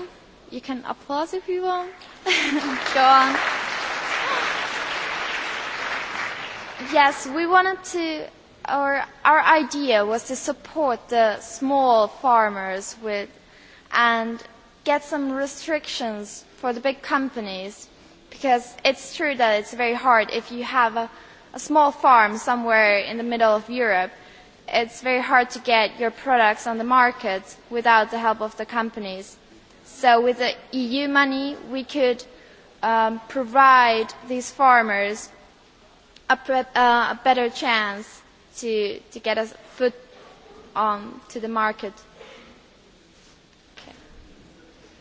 You can applaud if you want. Go on. Yes, we wanted to, or our idea was to support the small farmers with, and get some restrictions for the big companies, because it's true that it's very hard if you have a, a small farm somewhere in the middle of Europe. It's very hard to get your products on the market without the help of the companies. So with the EU money, we could um, provide these farmers a, pre uh, a better chance to, to get a foot on to the market.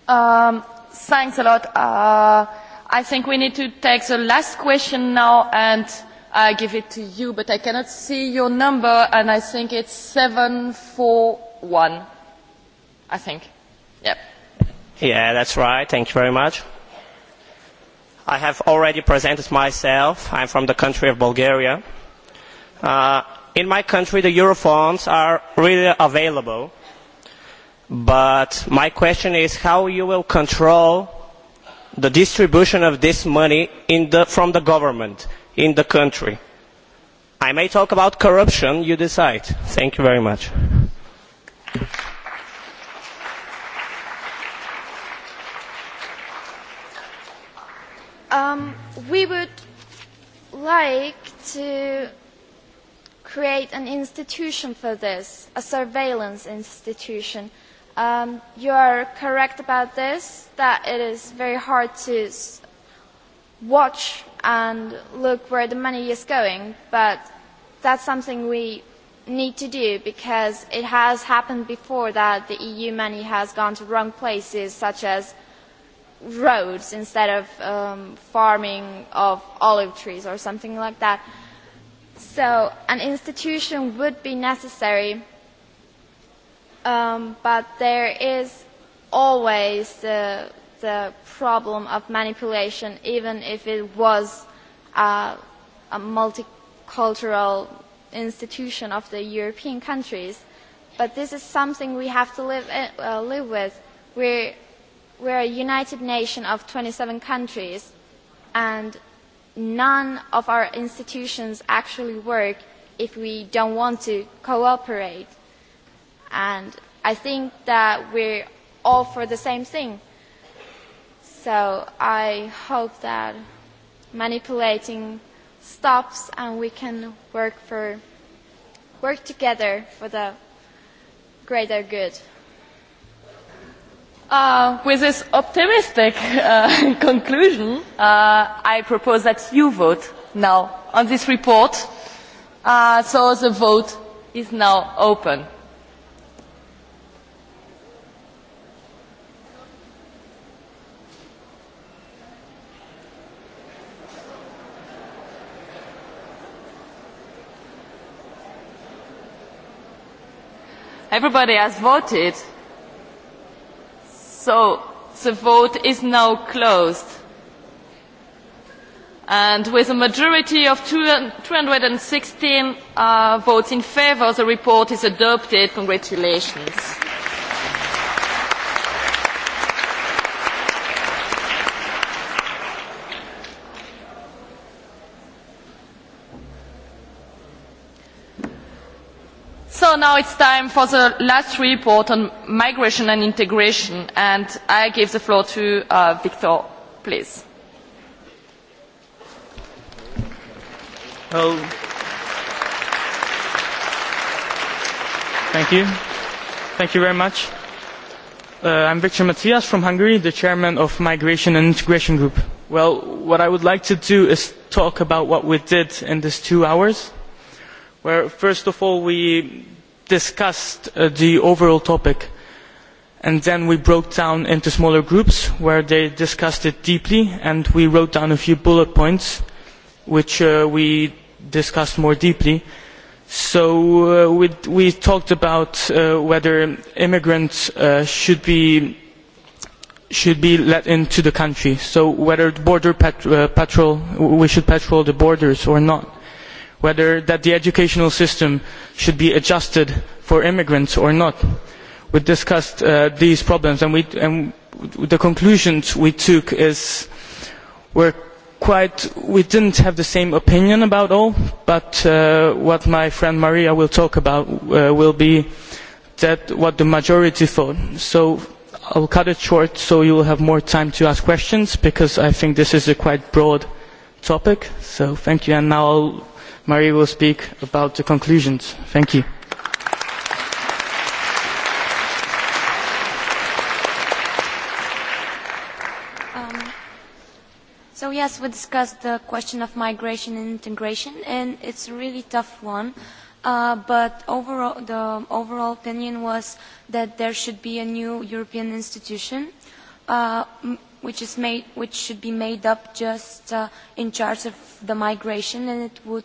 Um, thanks a lot. Uh, I think we need to take the last question now and I give it to you, but I cannot see your number and I think it's 741, I think. Yep. Yeah, that's right. Thank you very much i have already presented myself i am from the country of bulgaria. Uh, in my country the euro funds are really available but my question is how you will control the distribution of this money the, from the government in the country. i may talk about corruption you decide. thank you very much. Um, we would like to create an institution for this, a surveillance institution. Um, you are correct about this, that it is very hard to watch and look where the money is going, but that's something we need to do because it has happened before that the EU money has gone to wrong places, such as roads instead of um, farming of olive trees or something like that. So an institution would be necessary, um, but there is always the, the problem of manipulation, even if it was uh, a multicultural institution of the European countries. But this is something we have to live, uh, live with. We're we are a united nation of 27 countries and none of our institutions actually work if we don't want to cooperate. And I think that we're all for the same thing. So I hope that manipulating stops and we can work for work together for the greater good. Uh, with this optimistic uh, conclusion, uh, I propose that you vote now on this report. Uh, so the vote is now open. Everybody has voted. So the vote is now closed. And with a majority of 216 uh, votes in favour, the report is adopted. Congratulations. So now it's time for the last report on migration and integration, and I give the floor to uh, Victor, please. Well, thank you. Thank you very much. Uh, I'm Victor Matias from Hungary, the chairman of Migration and Integration Group. Well, what I would like to do is talk about what we did in these two hours where first of all we discussed uh, the overall topic and then we broke down into smaller groups where they discussed it deeply and we wrote down a few bullet points which uh, we discussed more deeply. So uh, we, we talked about uh, whether immigrants uh, should be should be let into the country. So whether border pat uh, patrol, we should patrol the borders or not whether that the educational system should be adjusted for immigrants or not. We discussed uh, these problems and, we, and the conclusions we took is were quite, we didn't have the same opinion about all, but uh, what my friend Maria will talk about uh, will be that what the majority thought. So I'll cut it short so you will have more time to ask questions because I think this is a quite broad topic. So thank you and now I'll Marie will speak about the conclusions. Thank you. Um, so yes, we discussed the question of migration and integration, and it's a really tough one. Uh, but overall, the overall opinion was that there should be a new European institution, uh, which, is made, which should be made up just uh, in charge of the migration, and it would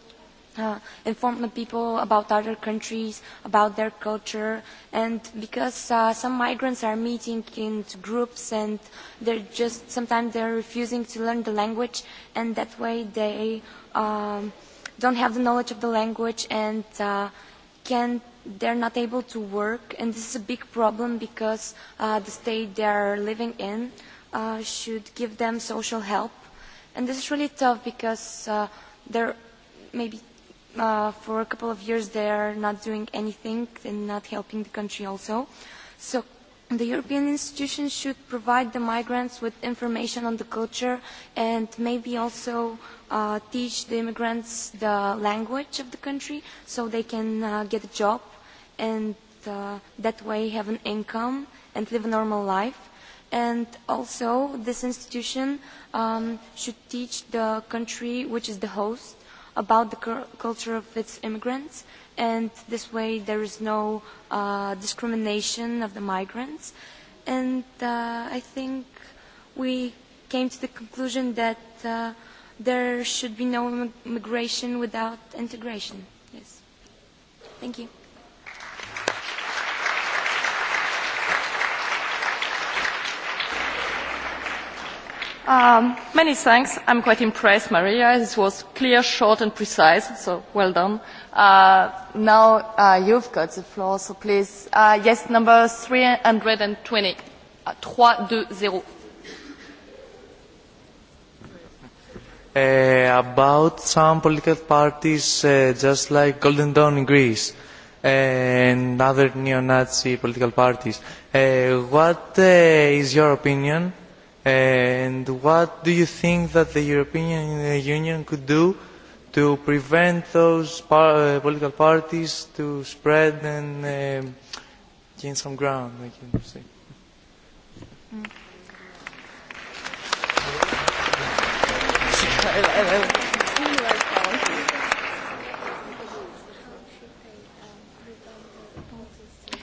uh, inform the people about other countries, about their culture, and because uh, some migrants are meeting in groups and they're just sometimes they're refusing to learn the language, and that way they um, don't have the knowledge of the language and uh, can they're not able to work, and this is a big problem because uh, the state they are living in uh, should give them social help, and this is really tough because uh, there maybe uh, for a couple of years they are not doing anything and not helping the country also. So the European institutions should provide the migrants with information on the culture and maybe also uh, teach the immigrants the language of the country so they can uh, get a job and uh, that way have an income and live a normal life. And also this institution um, should teach the country which is the host about the culture of its immigrants, and this way there is no uh, discrimination of the migrants. And uh, I think we came to the conclusion that uh, there should be no immigration without integration. Yes. Thank you. Um, many thanks. I'm quite impressed, Maria. This was clear, short and precise, so well done. Uh, now uh, you've got the floor, so please. Uh, yes, number 320. Uh, 320. Uh, about some political parties uh, just like Golden Dawn in Greece and other neo-Nazi political parties. Uh, what uh, is your opinion And what do you think that the European Union could do to prevent those par uh, political parties to spread and uh, gain some ground? Thank you. Mm.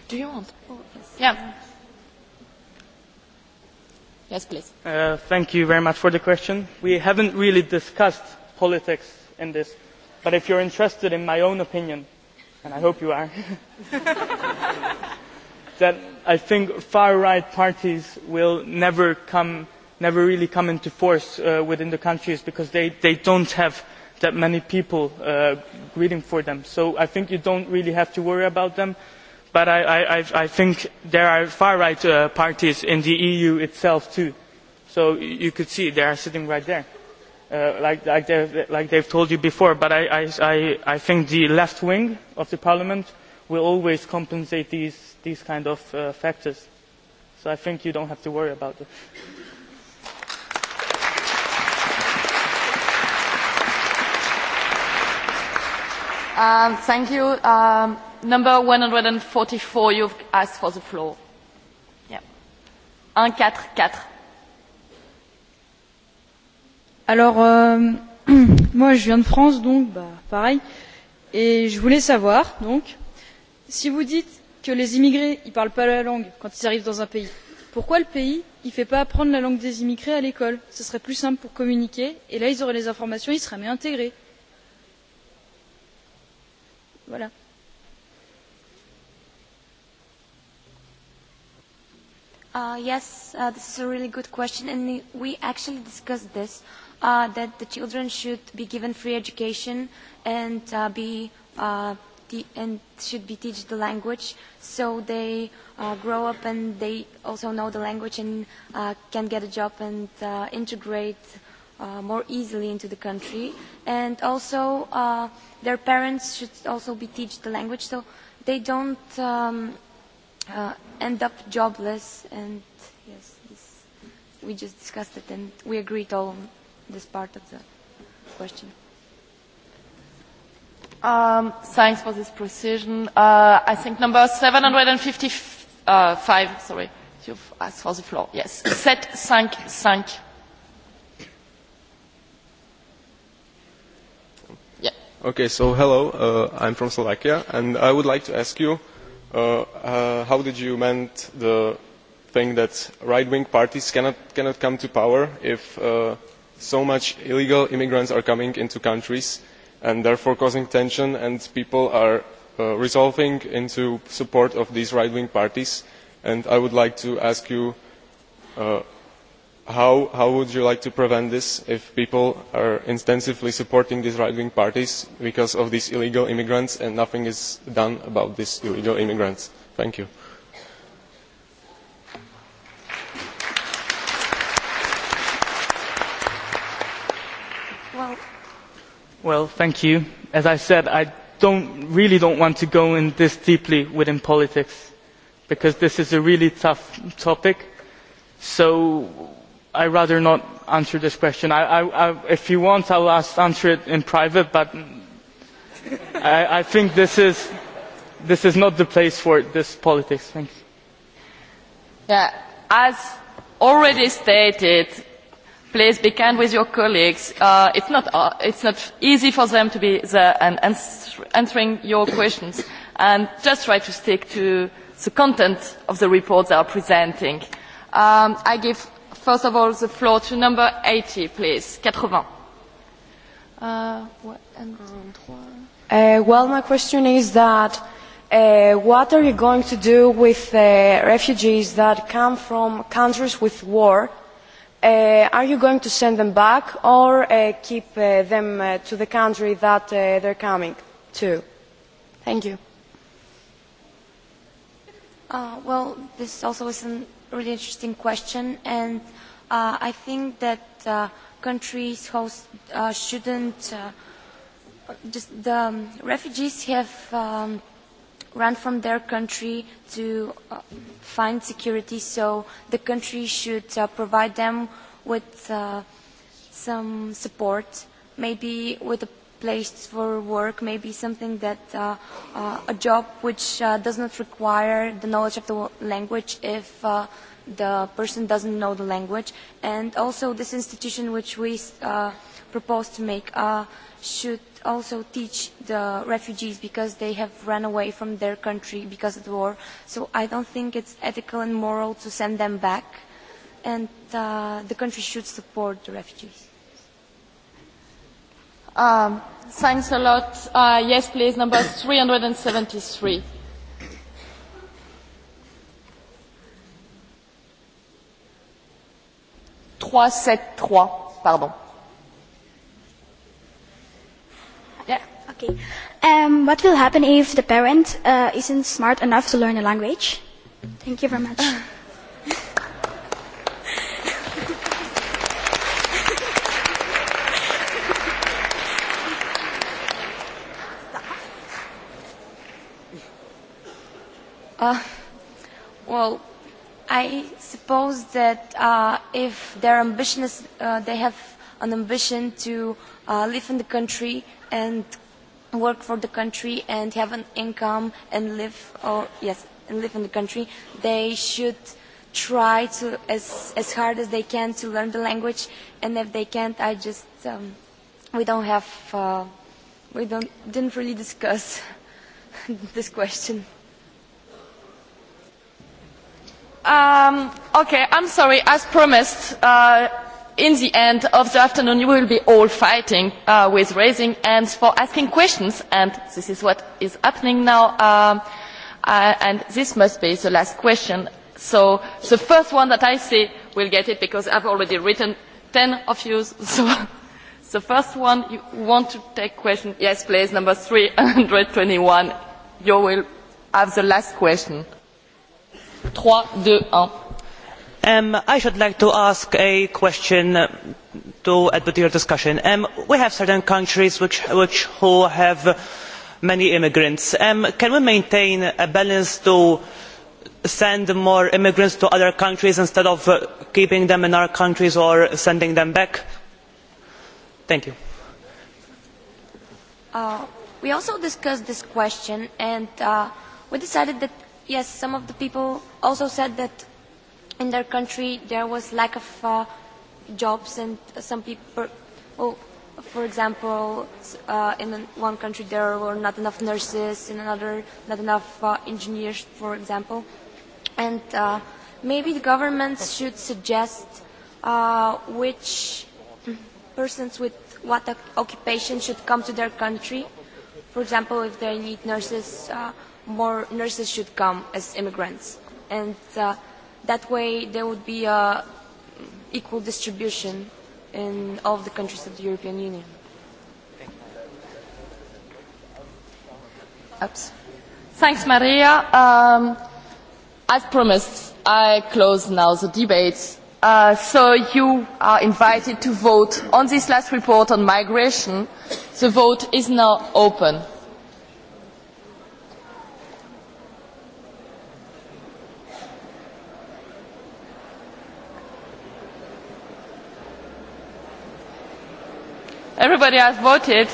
Do you want? Yeah. Uh, thank you very much for the question. We haven't really discussed politics in this, but if you're interested in my own opinion, and I hope you are, that I think far-right parties will never come, never really come into force uh, within the countries because they, they don't have that many people uh, greeting for them. So I think you don't really have to worry about them but I, think there are far-right uh, parties in the EU itself too. So you could see they are sitting right there, uh, like, they they've, told you before. But I, think the left wing of the parliament will always compensate these, these kind of uh, factors. So I think you don't have to worry about it. Um, thank you. Um, number 144, you've asked for the floor. Yeah. Alors, euh, moi, je viens de France, donc, bah, pareil. Et je voulais savoir, donc, si vous dites que les immigrés ne parlent pas la langue quand ils arrivent dans un pays, pourquoi le pays ne fait pas apprendre la langue des immigrés à l'école Ce serait plus simple pour communiquer, et là, ils auraient les informations, ils seraient mieux intégrés. Voilà. Uh, yes, uh, this is a really good question, and we actually discussed this, uh, that the children should be given free education and uh, be uh, and should be teach the language so they uh, grow up and they also know the language and uh, can get a job and uh, integrate uh, more easily into the country. And also uh, their parents should also be teach the language so they don't um, uh, end up jobless and yes this, we just discussed it and we agreed all on this part of the question um, thanks for this precision uh, I think number 755 uh, sorry you've asked for the floor yes 755 yeah. Okay, so hello, uh, I'm from Slovakia, and I would like to ask you, Uh, uh, how did you mend the thing that right wing parties cannot come to power if uh, so many illegal immigrants are coming into countries and therefore causing tension and people are resolving into support of these right wing parties? i would like to ask you how, would you like to prevent this if people are intensively supporting these right wing parties because of these illegal immigrants and nothing is done about these illegal immigrants? thank you. Well, well thank you. as i said i don't, really do not want to go in this deeply within politics because this is a really tough topic so i rather not answer this question. I, I, I, if you want, I'll ask, answer it in private, but I, I think this is, this is not the place for this politics. Thanks. Yeah, as already stated, please be kind with your colleagues. Uh, it's, not, uh, it's not easy for them to be there and answer, answering your questions. And just try to stick to the content of the report they are presenting. Um, I give first of all the floor to number 80, please. Uh, uh, well, my question is that uh, what are you going to do with uh, refugees that come from countries with war? Uh, are you going to send them back or uh, keep uh, them uh, to the country that uh, they're coming to? Thank you. Uh, well, this also isn't really interesting question, and uh, I think that uh, countries host uh, shouldn't. Uh, just the um, refugees have um, run from their country to uh, find security, so the country should uh, provide them with uh, some support, maybe with a placed for work may be something that uh, uh, a job which uh, does not require the knowledge of the language if uh, the person doesn't know the language. And also this institution which we uh, propose to make uh, should also teach the refugees because they have run away from their country because of the war. So I don't think it's ethical and moral to send them back. And uh, the country should support the refugees. Um, thanks a lot. Uh, yes, please, number 373. trois sept trois pardon. Yeah. Okay. Um, what will happen if the parent uh, isn't smart enough to learn a language? Thank you very much. Uh, well, I suppose that uh, if their ambition is, uh, they have an ambition to uh, live in the country and work for the country and have an income and live, or yes, and live in the country, they should try to as as hard as they can to learn the language. And if they can't, I just um, we don't have uh, we don't didn't really discuss this question. Um, okay, I'm sorry. As promised, uh, in the end of the afternoon, you will be all fighting uh, with raising hands for asking questions, and this is what is happening now. Um, uh, and this must be the last question. So the first one that I see will get it because I've already written ten of you. So the first one you want to take question? Yes, please. Number three hundred twenty one You will have the last question. Um, i should like to ask a question to add to your discussion. Um, we have certain countries which, who have many immigrants. Um, can we maintain a balance to send more immigrants to other countries instead of uh, keeping them in our countries or sending them back? thank you. Uh, we also discussed this question and uh, we decided that yes, some of the people also said that in their country there was lack of uh, jobs and some people, well, for example, uh, in one country there were not enough nurses, in another not enough uh, engineers, for example. And uh, maybe the government should suggest uh, which persons with what occupation should come to their country. For example, if they need nurses, uh, more nurses should come as immigrants. And uh, that way there would be an uh, equal distribution in all of the countries of the European Union. Oops. Thanks, Maria. Um, I've promised I close now the debate. Uh, so you are invited to vote on this last report on migration. The vote is now open. Everybody has voted.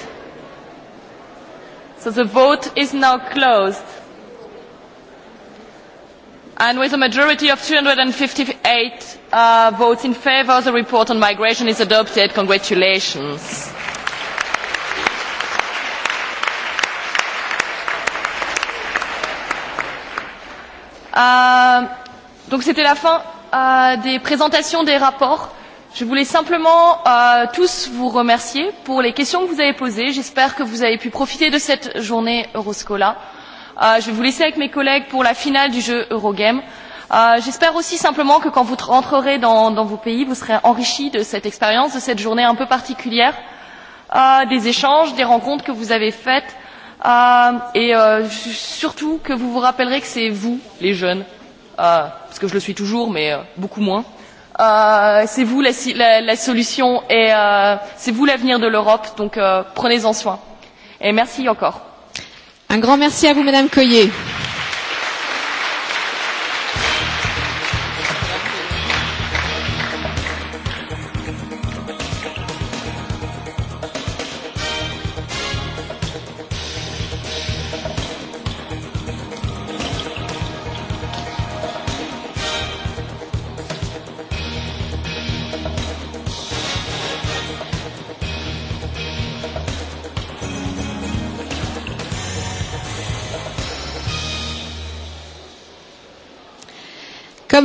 So the vote is now closed. And with a majority of 258 uh, votes in favour, the report on migration is adopted. Congratulations. Euh, donc c'était la fin euh, des présentations des rapports. Je voulais simplement euh, tous vous remercier pour les questions que vous avez posées. J'espère que vous avez pu profiter de cette journée Euroscola. Euh, je vais vous laisser avec mes collègues pour la finale du jeu Eurogame. Euh, J'espère aussi simplement que quand vous rentrerez dans, dans vos pays, vous serez enrichis de cette expérience, de cette journée un peu particulière, euh, des échanges, des rencontres que vous avez faites euh, et euh, surtout que vous vous rappellerez que c'est vous, les jeunes, euh, parce que je le suis toujours, mais euh, beaucoup moins, euh, c'est vous la, la, la solution et euh, c'est vous l'avenir de l'Europe, donc euh, prenez-en soin. Et merci encore. Un grand merci à vous, Madame Coyer.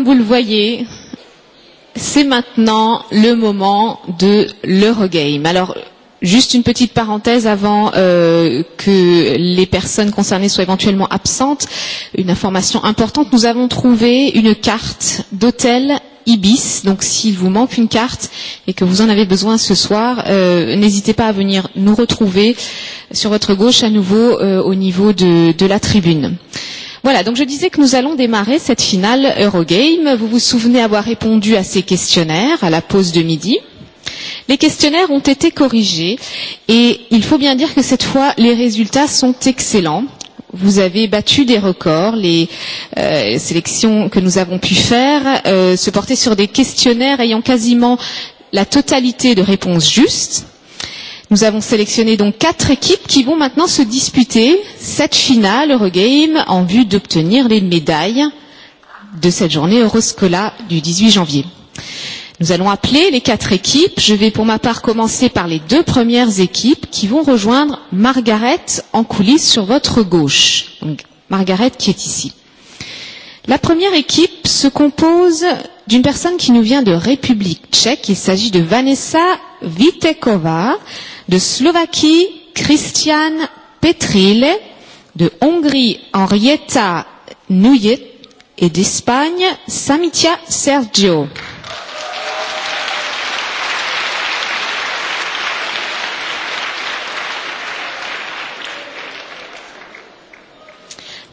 vous le voyez, c'est maintenant le moment de l'Eurogame. Alors, Juste une petite parenthèse avant euh, que les personnes concernées soient éventuellement absentes. Une information importante, nous avons trouvé une carte d'hôtel Ibis. Donc s'il vous manque une carte et que vous en avez besoin ce soir, euh, n'hésitez pas à venir nous retrouver sur votre gauche à nouveau euh, au niveau de, de la tribune. Euh, Voilà, donc je disais que nous allons démarrer cette finale Eurogame. Vous vous souvenez avoir répondu à ces questionnaires à la pause de midi. Les questionnaires ont été corrigés et il faut bien dire que cette fois, les résultats sont excellents vous avez battu des records. Les euh, sélections que nous avons pu faire euh, se portaient sur des questionnaires ayant quasiment la totalité de réponses justes. Nous avons sélectionné donc quatre équipes qui vont maintenant se disputer cette finale Eurogame en vue d'obtenir les médailles de cette journée Euroscola du 18 janvier. Nous allons appeler les quatre équipes. Je vais pour ma part commencer par les deux premières équipes qui vont rejoindre Margaret en coulisses sur votre gauche. Donc, Margaret qui est ici. La première équipe se compose d'une personne qui nous vient de République tchèque. Il s'agit de Vanessa Vitekova de Slovaquie, Christian Petrile, de Hongrie, Henrietta Nuyet, et d'Espagne, Samitia Sergio.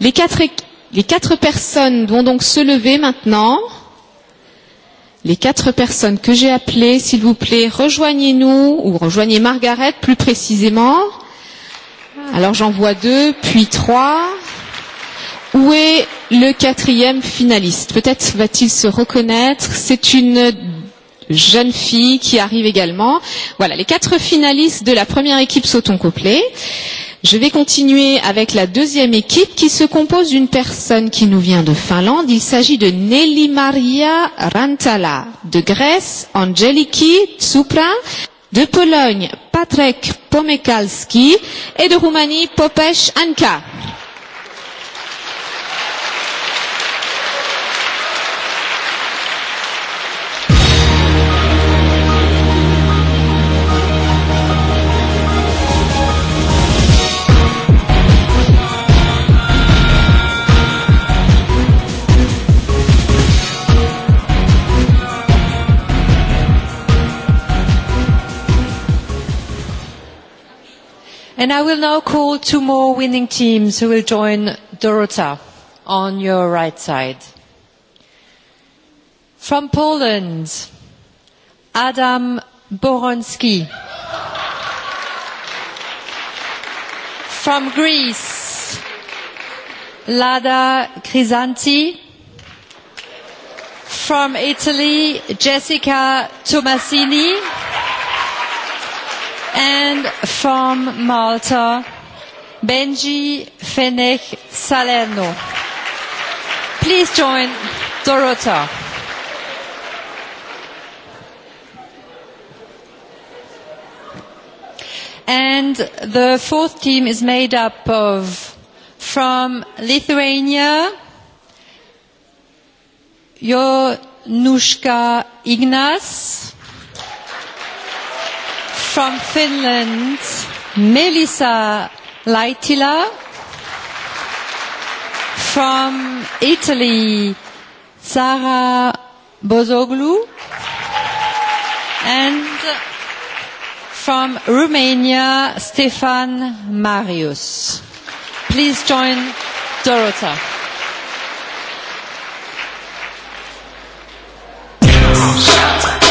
Les quatre, les quatre personnes vont donc se lever maintenant les quatre personnes que j'ai appelées, s'il vous plaît, rejoignez-nous ou rejoignez Margaret plus précisément. Alors j'en vois deux, puis trois. Où est le quatrième finaliste Peut-être va-t-il se reconnaître. C'est une jeune fille qui arrive également. Voilà, les quatre finalistes de la première équipe sautent complet. Je vais continuer avec la deuxième équipe qui se compose d'une personne qui nous vient de Finlande. Il s'agit de Nelly Maria Rantala, de Grèce, Angeliki Tsupra, de Pologne, Patrek Pomekalski et de Roumanie, Popesh Anka. And I will now call two more winning teams who will join Dorota on your right side. From Poland, Adam Boronski. From Greece, Lada Crisanti. From Italy, Jessica Tomasini. And from Malta, Benji Fenech Salerno. Please join Dorota. And the fourth team is made up of from Lithuania, Jonushka Ignas, from Finland, Melissa Laitila. From Italy, Sara Bozoglu. And from Romania, Stefan Marius. Please join Dorota. up.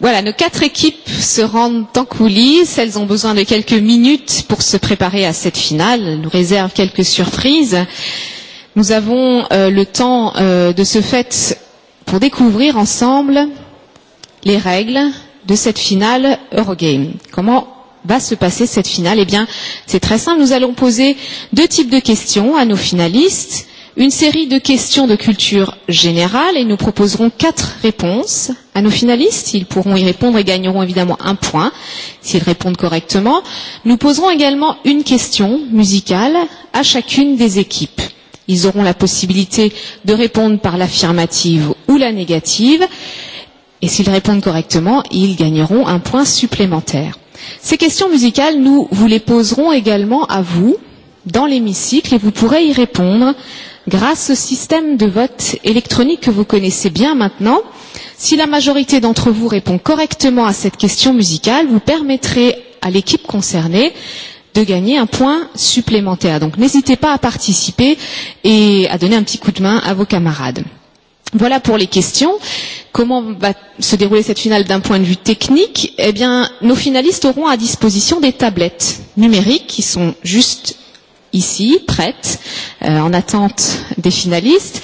Voilà, nos quatre équipes se rendent en coulisses. Elles ont besoin de quelques minutes pour se préparer à cette finale. Elles nous réservent quelques surprises. Nous avons euh, le temps euh, de ce fait pour découvrir ensemble les règles de cette finale Eurogame. Comment va se passer cette finale Eh bien, c'est très simple. Nous allons poser deux types de questions à nos finalistes une série de questions de culture générale et nous proposerons quatre réponses à nos finalistes. Ils pourront y répondre et gagneront évidemment un point s'ils répondent correctement. Nous poserons également une question musicale à chacune des équipes. Ils auront la possibilité de répondre par l'affirmative ou la négative. Et s'ils répondent correctement, ils gagneront un point supplémentaire. Ces questions musicales, nous vous les poserons également à vous dans l'hémicycle et vous pourrez y répondre grâce au système de vote électronique que vous connaissez bien maintenant, si la majorité d'entre vous répond correctement à cette question musicale, vous permettrez à l'équipe concernée de gagner un point supplémentaire. Donc n'hésitez pas à participer et à donner un petit coup de main à vos camarades. Voilà pour les questions. Comment va se dérouler cette finale d'un point de vue technique Eh bien, nos finalistes auront à disposition des tablettes numériques qui sont juste ici, prêtes, euh, en attente des finalistes.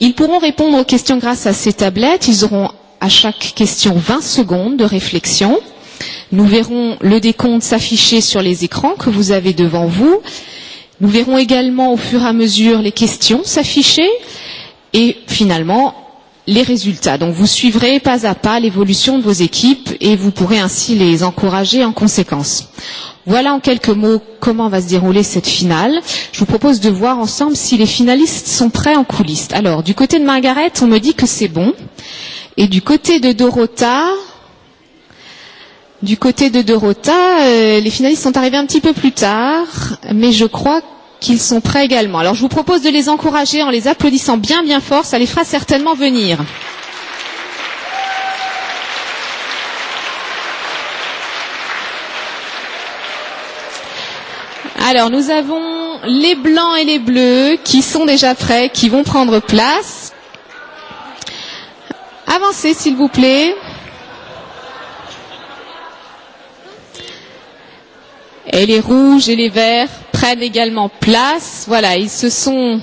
Ils pourront répondre aux questions grâce à ces tablettes. Ils auront à chaque question 20 secondes de réflexion. Nous verrons le décompte s'afficher sur les écrans que vous avez devant vous. Nous verrons également au fur et à mesure les questions s'afficher et finalement les résultats. Donc vous suivrez pas à pas l'évolution de vos équipes et vous pourrez ainsi les encourager en conséquence. Voilà en quelques mots comment va se dérouler cette finale. Je vous propose de voir ensemble si les finalistes sont prêts en coulisses. Alors, du côté de Margaret, on me dit que c'est bon. Et du côté de Dorota, du côté de Dorota, euh, les finalistes sont arrivés un petit peu plus tard, mais je crois qu'ils sont prêts également. Alors, je vous propose de les encourager en les applaudissant bien bien fort, ça les fera certainement venir. Applaudissements Alors nous avons les blancs et les bleus qui sont déjà prêts, qui vont prendre place. Avancez s'il vous plaît. Et les rouges et les verts prennent également place. Voilà, ils se sont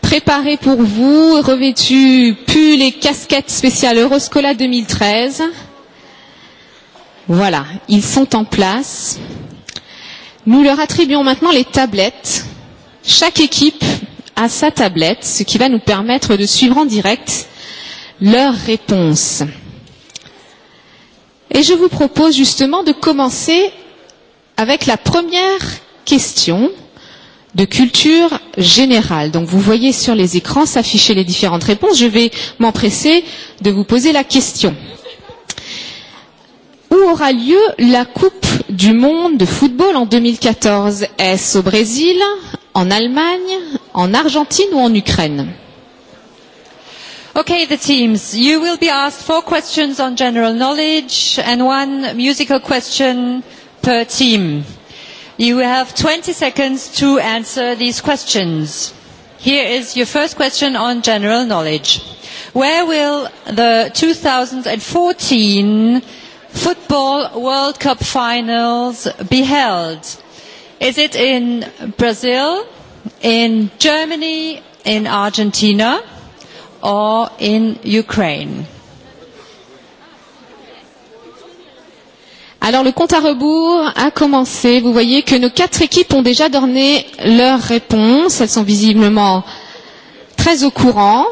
préparés pour vous, revêtus pulls et casquettes spéciales Euroscola 2013. Voilà, ils sont en place. Nous leur attribuons maintenant les tablettes. Chaque équipe a sa tablette, ce qui va nous permettre de suivre en direct leurs réponses. Et je vous propose justement de commencer avec la première question de culture générale. Donc vous voyez sur les écrans s'afficher les différentes réponses. Je vais m'empresser de vous poser la question. Où aura lieu la Coupe du monde de football en 2014 Est-ce au Brésil, en Allemagne, en Argentine ou en Ukraine Okay, the teams. You will be asked four questions on general knowledge and one musical question per team. You have 20 seconds to answer these questions. Here is your first question on general knowledge. Where will the 2014 Football World Cup finals be held? Is it in Brazil, in Germany, in Argentina, or in Ukraine? Alors le compte à rebours a commencé. Vous voyez que nos quatre équipes ont déjà donné leurs réponses. Elles sont visiblement très au courant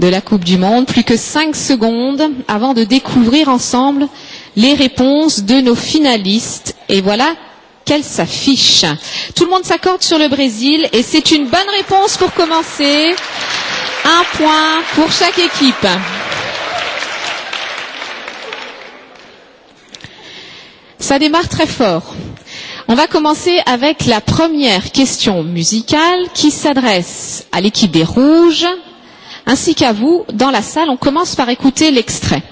de la Coupe du Monde. Plus que 5 secondes avant de découvrir ensemble les réponses de nos finalistes. Et voilà qu'elle s'affiche. Tout le monde s'accorde sur le Brésil et c'est une bonne réponse pour commencer. Un point pour chaque équipe. Ça démarre très fort. On va commencer avec la première question musicale qui s'adresse à l'équipe des Rouges ainsi qu'à vous dans la salle. On commence par écouter l'extrait.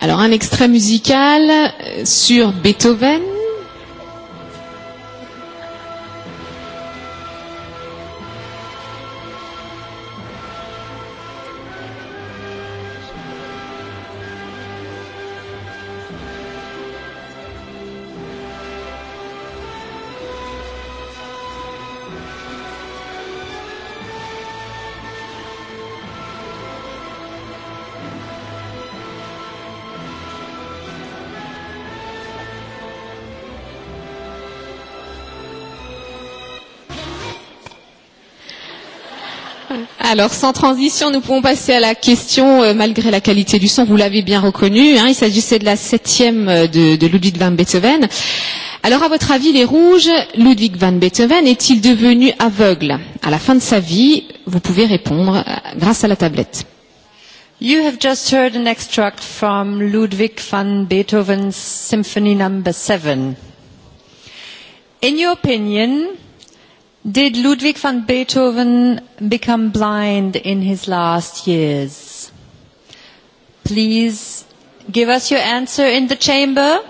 Alors un extrait musical euh, sur Beethoven. Alors, sans transition, nous pouvons passer à la question, euh, malgré la qualité du son, vous l'avez bien reconnu, hein, il s'agissait de la septième euh, de, de Ludwig van Beethoven. Alors, à votre avis, les rouges, Ludwig van Beethoven est-il devenu aveugle à la fin de sa vie Vous pouvez répondre euh, grâce à la tablette. You have just heard an extract from Ludwig van Beethoven's Symphony Number no. 7. In your opinion, Did Ludwig van Beethoven become blind in his last years? Please give us your answer in the chamber.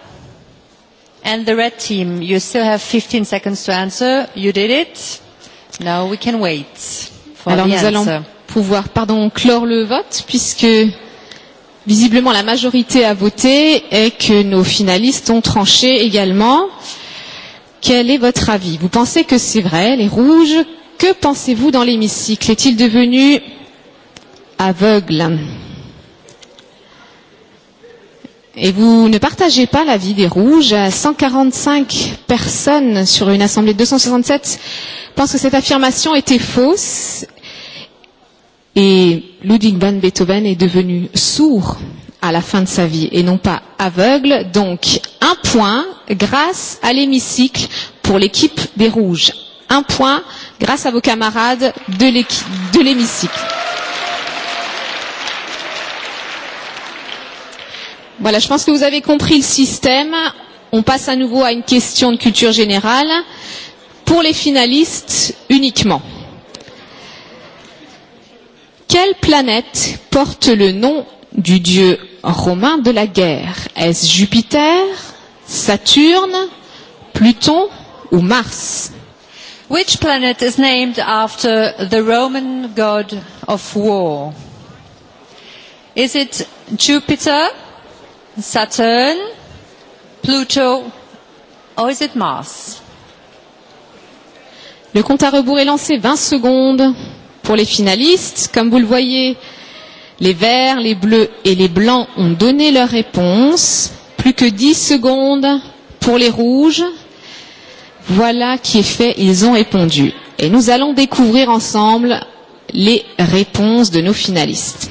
And the red team, you still have 15 seconds to answer. You did it. Now we can wait for Alors the nous answer. allons pouvoir pardon, clore le vote puisque visiblement la majorité a voté et que nos finalistes ont tranché également. Euh, Quel est votre avis Vous pensez que c'est vrai, les rouges Que pensez-vous dans l'hémicycle Est-il devenu aveugle Et vous ne partagez pas l'avis des rouges. 145 personnes sur une assemblée de 267 pensent que cette affirmation était fausse. Et Ludwig van Beethoven est devenu sourd à la fin de sa vie et non pas aveugle. Donc un point grâce à l'hémicycle pour l'équipe des Rouges. Un point grâce à vos camarades de l'hémicycle. Voilà, je pense que vous avez compris le système. On passe à nouveau à une question de culture générale pour les finalistes uniquement. Quelle planète porte le nom du dieu romain de la guerre Est-ce Jupiter, Saturne, Pluton ou Mars Which planet is named after the Roman god of war? Is it Jupiter, Saturn, Pluto or is it Mars? Le compte à rebours est lancé 20 secondes pour les finalistes. Comme vous le voyez, Les verts, les bleus et les blancs ont donné leur réponse. Plus que 10 secondes pour les rouges. Voilà qui est fait, ils ont répondu. Et nous allons découvrir ensemble les réponses de nos finalistes.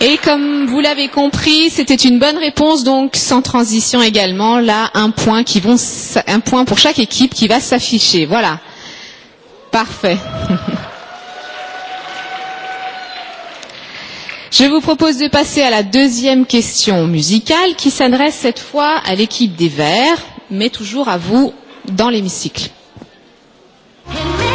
Et comme vous l'avez compris, c'était une bonne réponse, donc sans transition également. Là, un point, qui vont, un point pour chaque équipe qui va s'afficher. Voilà. Parfait. Je vous propose de passer à la deuxième question musicale qui s'adresse cette fois à l'équipe des Verts, mais toujours à vous dans l'hémicycle. Hey,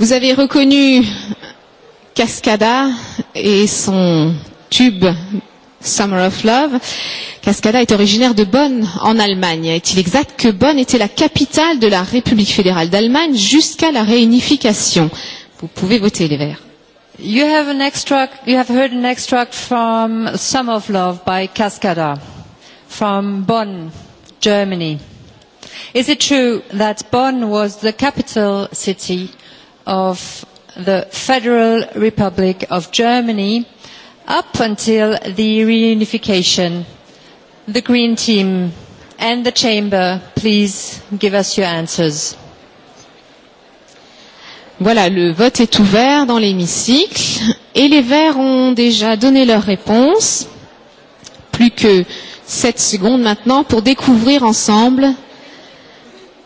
Vous avez reconnu Cascada et son tube Summer of Love. Cascada est originaire de Bonn, en Allemagne. Est-il exact que Bonn était la capitale de la République fédérale d'Allemagne jusqu'à la réunification Vous pouvez voter les verts. You have an extract, you have heard an extract from Summer of Love by Cascada from Bonn, Germany. Is it true that Bonn was the capital city of the Federal Republic of Germany up until the reunification. The Green Team and the Chamber, please give us your answers. Voilà, le vote est ouvert dans l'hémicycle et les Verts ont déjà donné leur réponse. Plus que 7 secondes maintenant pour découvrir ensemble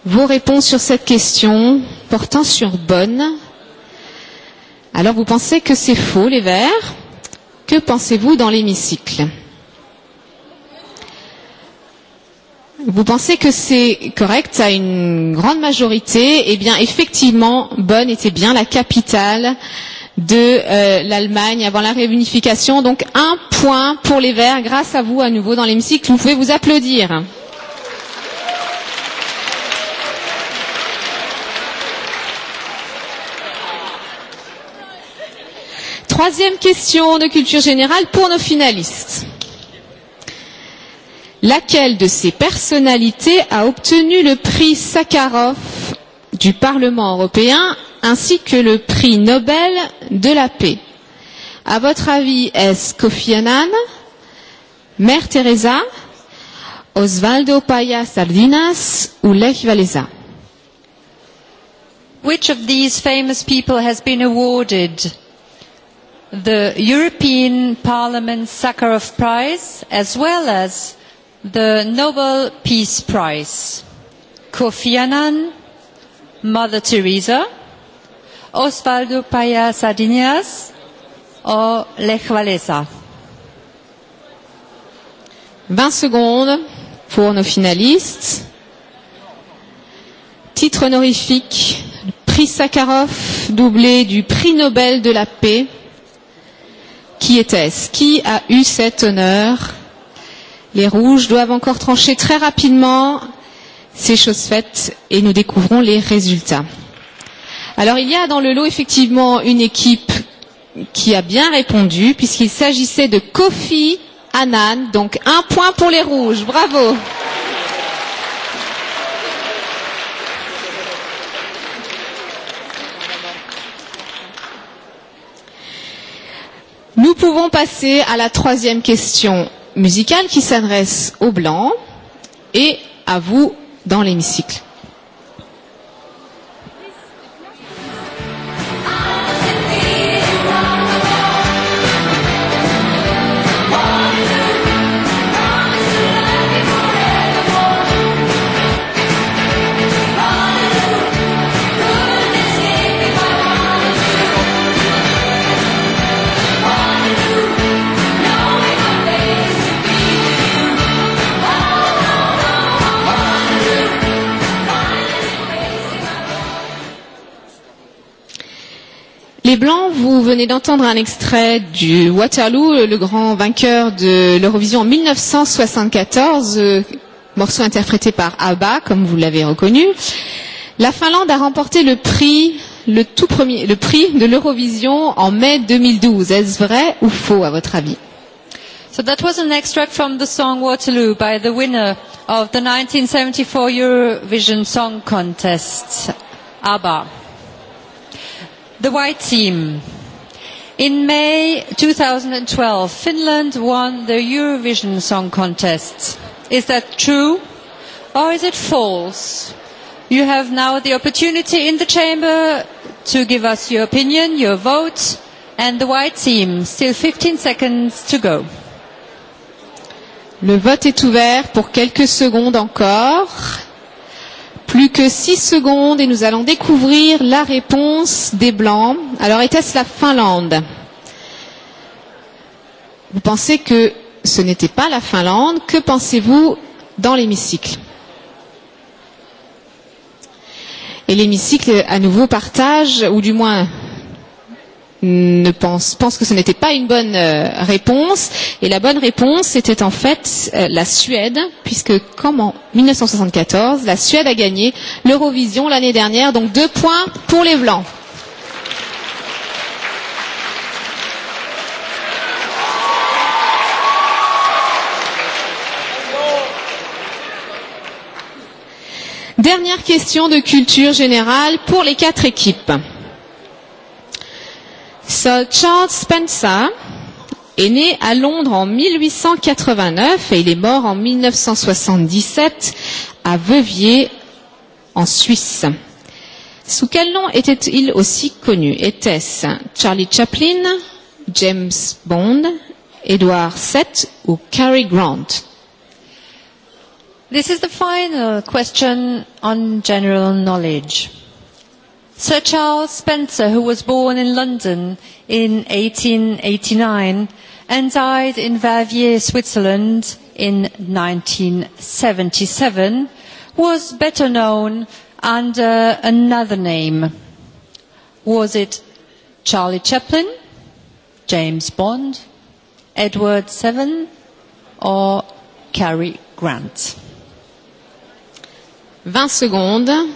vos réponses sur cette question portant sur bonne. Alors vous pensez que c'est faux, les verts Que pensez-vous dans l'hémicycle Vous pensez que c'est correct à une grande majorité Eh bien, effectivement, Bonn était bien la capitale de euh, l'Allemagne avant la réunification. Donc, un point pour les Verts grâce à vous à nouveau dans l'hémicycle. Vous pouvez vous applaudir. troisième question de culture générale pour nos finalistes. Laquelle de ces personnalités a obtenu le prix Sakharov du Parlement européen ainsi que le prix Nobel de la paix À votre avis, est-ce Kofi Annan, Mère Teresa, Osvaldo Paya Sardinas ou Lech Walesa? Which of these famous people has been awarded the European Parliament Sakharov Prize as well as the Nobel Peace Prize. Kofi Annan, Mother Teresa, Osvaldo Paya Sardinias or Lech Walesa. 20 secondes pour nos finalistes. Titre honorifique, prix Sakharov, doublé du prix Nobel de la paix Qui était-ce Qui a eu cet honneur Les rouges doivent encore trancher très rapidement. ces choses faites et nous découvrons les résultats. Alors il y a dans le lot effectivement une équipe qui a bien répondu puisqu'il s'agissait de Kofi Annan. Donc un point pour les rouges. Bravo. Nous pouvons passer à la troisième question musicale qui s'adresse aux Blancs et à vous dans l'hémicycle. venez d'entendre un extrait du Waterloo, le grand vainqueur de l'Eurovision en 1974, euh, morceau interprété par ABBA, comme vous l'avez reconnu. La Finlande a remporté le prix, le tout premier, le prix de l'Eurovision en mai 2012. Est-ce vrai ou faux à votre avis? So that was an extract from the song Waterloo by the winner of the 1974 Eurovision Song Contest, ABBA. The white team. In May 2012, Finland won the Eurovision Song Contest. Is that true or is it false? You have now the opportunity in the chamber to give us your opinion, your vote, and the white team. Still 15 seconds to go. Le vote est ouvert pour quelques secondes encore. Plus que 6 secondes et nous allons découvrir la réponse des Blancs. Alors était-ce la Finlande Vous pensez que ce n'était pas la Finlande. Que pensez-vous dans l'hémicycle Et l'hémicycle à nouveau partage, ou du moins ne pense, pense que ce n'était pas une bonne euh, réponse. Et la bonne réponse, c'était en fait euh, la Suède, puisque comme en 1974, la Suède a gagné l'Eurovision l'année dernière. Donc deux points pour les Blancs. Dernière question de culture générale pour les quatre équipes. Sir Charles Spencer est né à Londres en 1889 et il est mort en 1977 à Veuviers en Suisse. Sous quel nom était-il aussi connu Était-ce Charlie Chaplin, James Bond, Edward VII ou Cary Grant This is the final question on general knowledge. Sir Charles Spencer, who was born in London in 1889 and died in Verviers, Switzerland in 1977, was better known under another name. Was it Charlie Chaplin, James Bond, Edward Seven, or Cary Grant? 20 secondes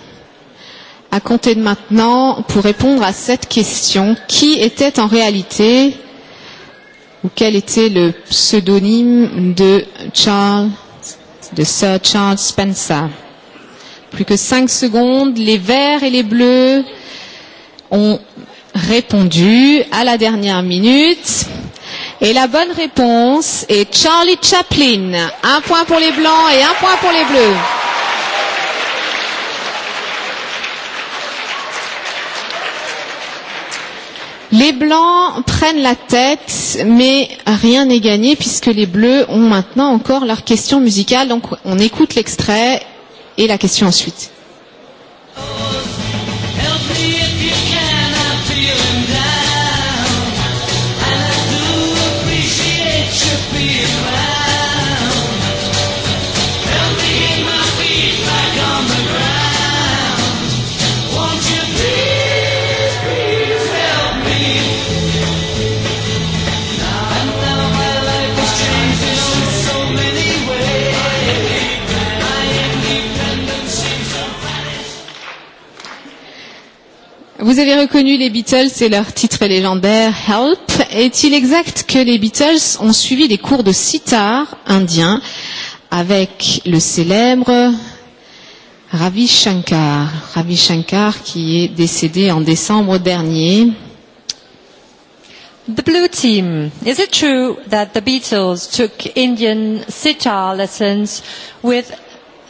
à compter de maintenant pour répondre à cette question. Qui était en réalité ou quel était le pseudonyme de Charles, de Sir Charles Spencer Plus que cinq secondes, les verts et les bleus ont répondu à la dernière minute. Et la bonne réponse est Charlie Chaplin. Un point pour les blancs et un point pour les bleus. Les blancs prennent la tête, mais rien n'est gagné puisque les bleus ont maintenant encore leur question musicale. Donc on écoute l'extrait et la question ensuite. Help me reconnu les Beatles et leur titre légendaire Help, est-il exact que les Beatles ont suivi des cours de sitar indien avec le célèbre Ravi Shankar, Ravi Shankar qui est décédé en décembre dernier. The Blue Team, is it true that the Beatles took Indian sitar lessons with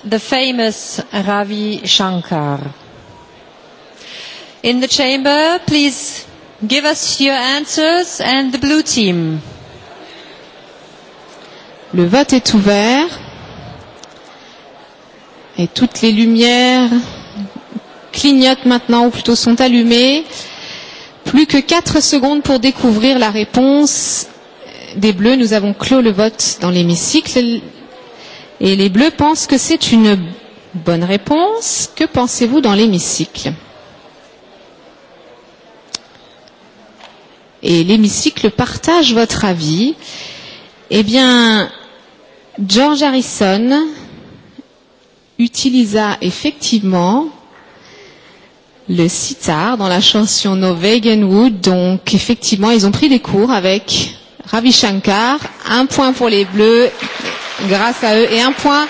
the famous Ravi Shankar? in the chamber, please give us your answers and the blue team. Le vote est ouvert et toutes les lumières clignotent maintenant ou plutôt sont allumées. Plus que 4 secondes pour découvrir la réponse des bleus. Nous avons clos le vote dans l'hémicycle et les bleus pensent que c'est une bonne réponse. Que pensez-vous dans l'hémicycle? et l'hémicycle partagent votre avis. Eh bien, George Harrison utilisa effectivement le sitar dans la chanson No Vegan Wood. Donc, effectivement, ils ont pris des cours avec Ravi Shankar. Un point pour les Bleus grâce à eux et un point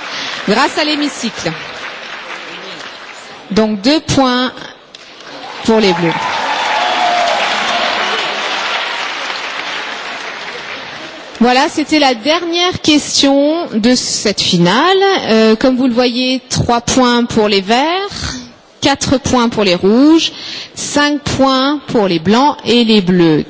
grâce à l'hémicycle. Donc, deux points pour les Bleus. Voilà, c'était la dernière question de cette finale. Euh, comme vous le voyez, trois points pour les verts, quatre points pour les rouges, cinq points pour les blancs et les bleus.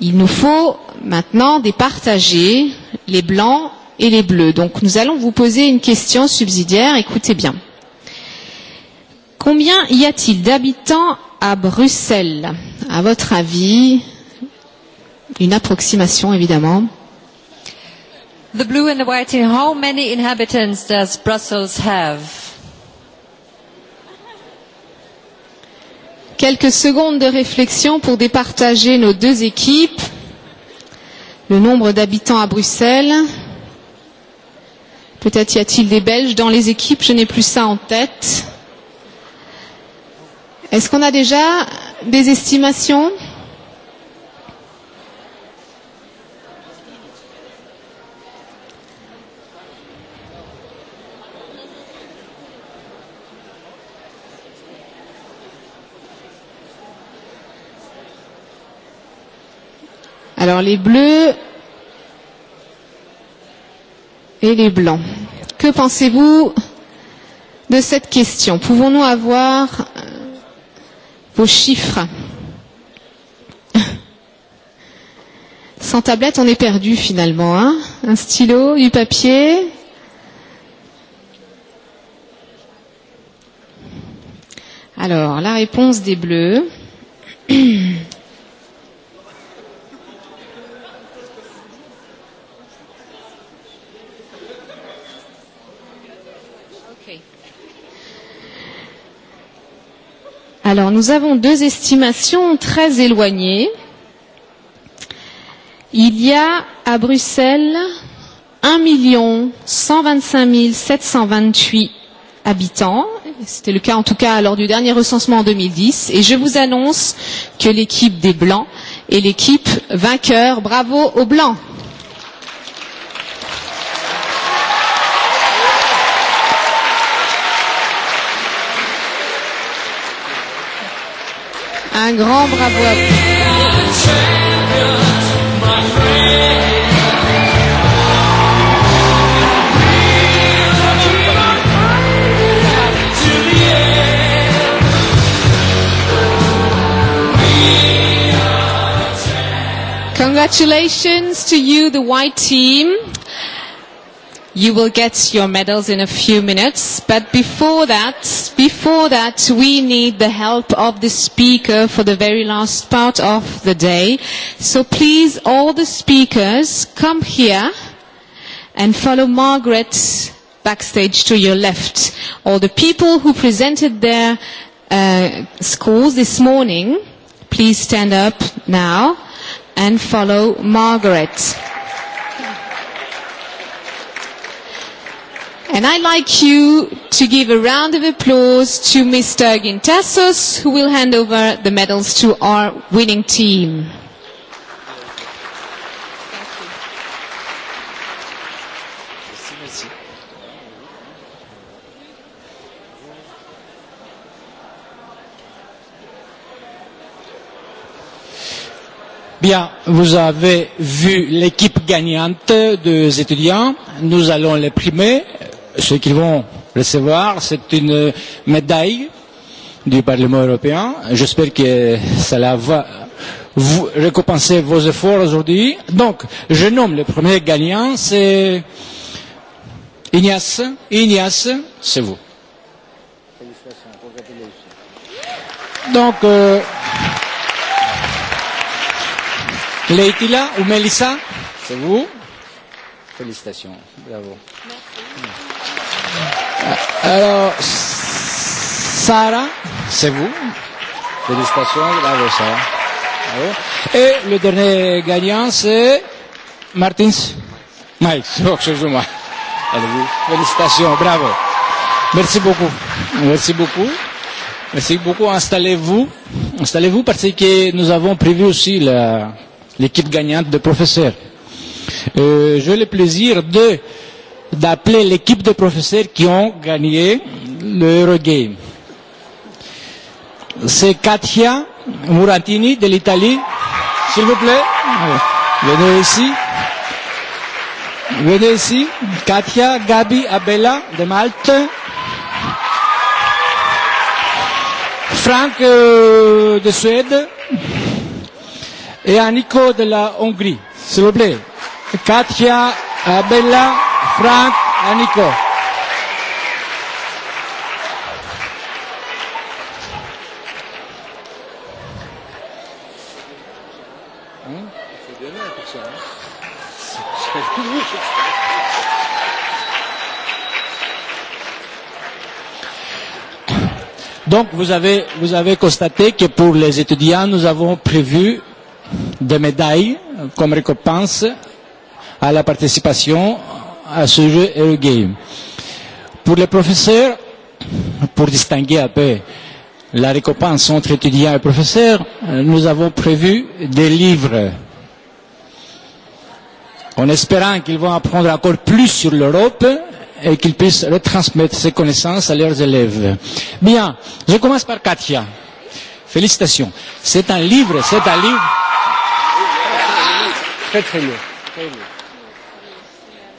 Il nous faut maintenant départager les blancs et les bleus. Donc nous allons vous poser une question subsidiaire, écoutez bien. Combien y a-t-il d'habitants à Bruxelles À votre avis, une approximation évidemment the blue and the white team, how many inhabitants does Brussels have? Quelques secondes de réflexion pour départager nos deux équipes. Le nombre d'habitants à Bruxelles. Peut-être y a-t-il des Belges dans les équipes, je n'ai plus ça en tête. Est-ce qu'on a déjà des estimations Alors les bleus et les blancs. Que pensez-vous de cette question Pouvons-nous avoir euh, vos chiffres Sans tablette, on est perdu finalement. Hein Un stylo, du papier. Alors, la réponse des bleus. Alors, nous avons deux estimations très éloignées. Il y a à Bruxelles 1 125 728 habitants. C'était le cas en tout cas lors du dernier recensement en 2010. Et je vous annonce que l'équipe des Blancs est l'équipe vainqueur. Bravo aux Blancs. un grand bravo à vous. Congratulations to you, the white team. You will get your medals in a few minutes, but before that, before that, we need the help of the speaker for the very last part of the day. So please, all the speakers, come here and follow Margaret backstage to your left. All the people who presented their uh, scores this morning, please stand up now and follow Margaret. And I'd like you to give a round of applause to Mr. Gintasos, who will hand over the medals to our winning team. Bien, vous avez vu l'équipe gagnante des étudiants. Nous allons les primer ceux qui vont recevoir, c'est une médaille du Parlement européen. J'espère que cela va vous récompenser vos efforts aujourd'hui. Donc, je nomme le premier gagnant, c'est Ignace. Ignace, c'est vous. Donc, euh, Leitila ou Melissa, c'est vous. Félicitations, bravo. Merci. Merci. Alors, Sarah, c'est vous. Félicitations, bravo Sarah. Bravo. Et le dernier gagnant, c'est Martins. Mike, je excusez-moi. Félicitations, bravo. Merci beaucoup. Merci beaucoup. Merci beaucoup. Installez-vous. Installez-vous parce que nous avons prévu aussi l'équipe gagnante de professeurs. Euh, J'ai le plaisir de d'appeler l'équipe de professeurs qui ont gagné le Eurogame. C'est Katia Murantini de l'Italie. S'il vous plaît, venez ici. Venez ici. Katia Gabi Abella de Malte. Franck euh, de Suède et Aniko de la Hongrie. S'il vous plaît. Katia Abella. Frank and Nico. Donc, vous avez, vous avez constaté que pour les étudiants, nous avons prévu des médailles comme récompense à la participation à ce jeu Eurogame. Pour les professeurs, pour distinguer un peu la récompense entre étudiants et professeurs, nous avons prévu des livres. En espérant qu'ils vont apprendre encore plus sur l'Europe et qu'ils puissent retransmettre ces connaissances à leurs élèves. Bien, je commence par Katia. Félicitations. C'est un livre, c'est un livre. Très très lourd. Très lourd.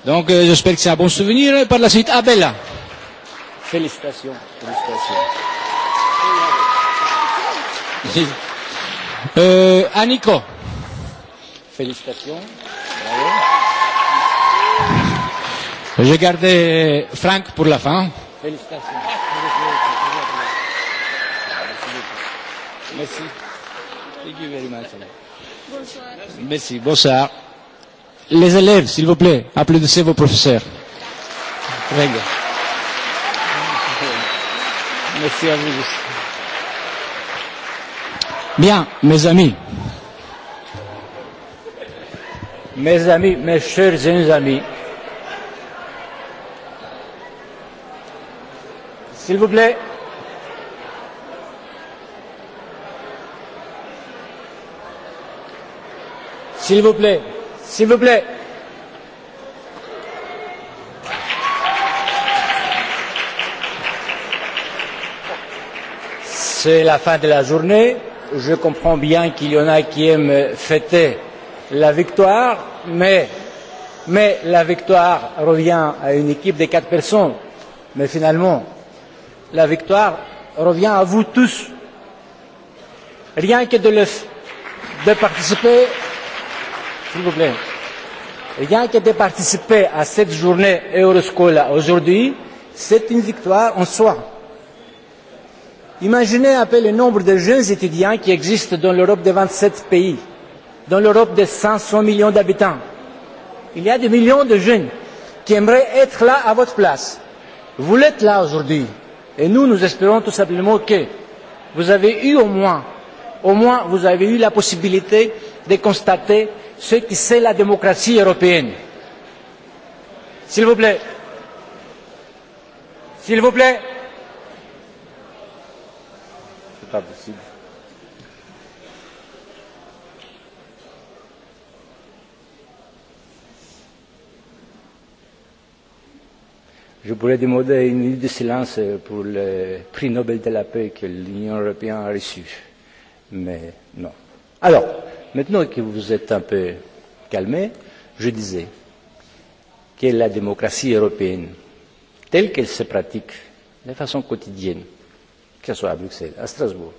Donc euh, j'espère que c'est un bon souvenir. Et par la suite, Abella. Félicitations. Félicitations. euh, Aniko. Félicitations. Bravo. J'ai gardé Franck pour la fin. Félicitations. Merci. Thank you very much. Bonsoir. Merci. Bonsoir. Les élèves, s'il vous plaît, applaudissez vos professeurs. Merci. Merci à vous. Bien, mes amis. Mes amis, mes chers amis. S'il vous plaît. S'il vous plaît. S'il vous plaît. C'est la fin de la journée. Je comprends bien qu'il y en a qui aiment fêter la victoire, mais, mais la victoire revient à une équipe de quatre personnes. Mais finalement, la victoire revient à vous tous. Rien que de, le, de participer S'il vous plaît. Rien que de participer à cette journée Euroscola aujourd'hui, c'est une victoire en soi. Imaginez un peu le nombre de jeunes étudiants qui existent dans l'Europe de 27 pays, dans l'Europe de 500 millions d'habitants. Il y a des millions de jeunes qui aimeraient être là à votre place. Vous l'êtes là aujourd'hui. Et nous, nous espérons tout simplement que vous avez eu au moins, au moins vous avez eu la possibilité de constater ce qui c'est la démocratie européenne. S'il vous plaît. S'il vous plaît. C'est pas possible. Je pourrais demander une minute de silence pour le prix Nobel de la paix que l'Union européenne a reçu. Mais non. Alors, Maintenant que vous êtes un peu calmé, je disais que la démocratie européenne, telle qu'elle se pratique de façon quotidienne, que ce soit à Bruxelles, à Strasbourg,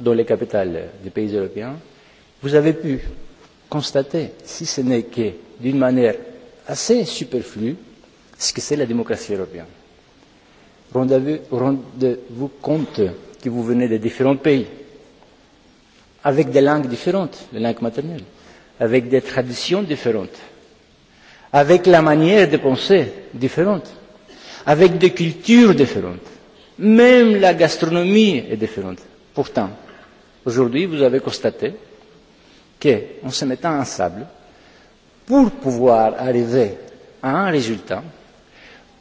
dans les capitales des pays européens, vous avez pu constater, si ce n'est que d'une manière assez superflue, ce que c'est la démocratie européenne. Rendez-vous rendez compte que vous venez de différents pays, avec des langues différentes, les langues maternelles, avec des traditions différentes, avec la manière de penser différente, avec des cultures différentes. Même la gastronomie est différente. Pourtant, aujourd'hui, vous avez constaté qu'en se mettant en sable, pour pouvoir arriver à un résultat,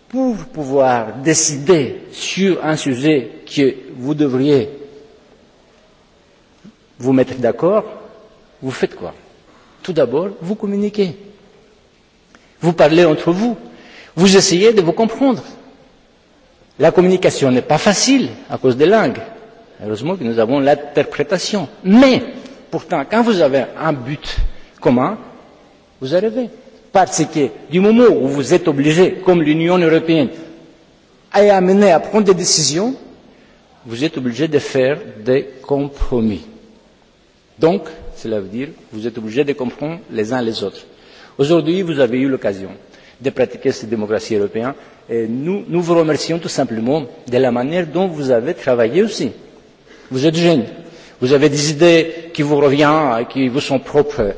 pour pouvoir décider sur un sujet que vous devriez vous mettre d'accord, vous faites quoi Tout d'abord, vous communiquez. Vous parlez entre vous. Vous essayez de vous comprendre. La communication n'est pas facile à cause des langues. Heureusement que nous avons l'interprétation. Mais, pourtant, quand vous avez un but commun, vous arrivez. Parce que du moment où vous êtes obligé, comme l'Union européenne, à amener à prendre des décisions, vous êtes obligé de faire des compromis Donc, cela veut dire que vous êtes obligés de comprendre les uns les autres. Aujourd'hui, vous avez eu l'occasion de pratiquer cette démocratie européenne et nous, nous vous remercions tout simplement de la manière dont vous avez travaillé aussi. Vous êtes jeune, vous avez des idées qui vous reviennent, qui vous sont propres,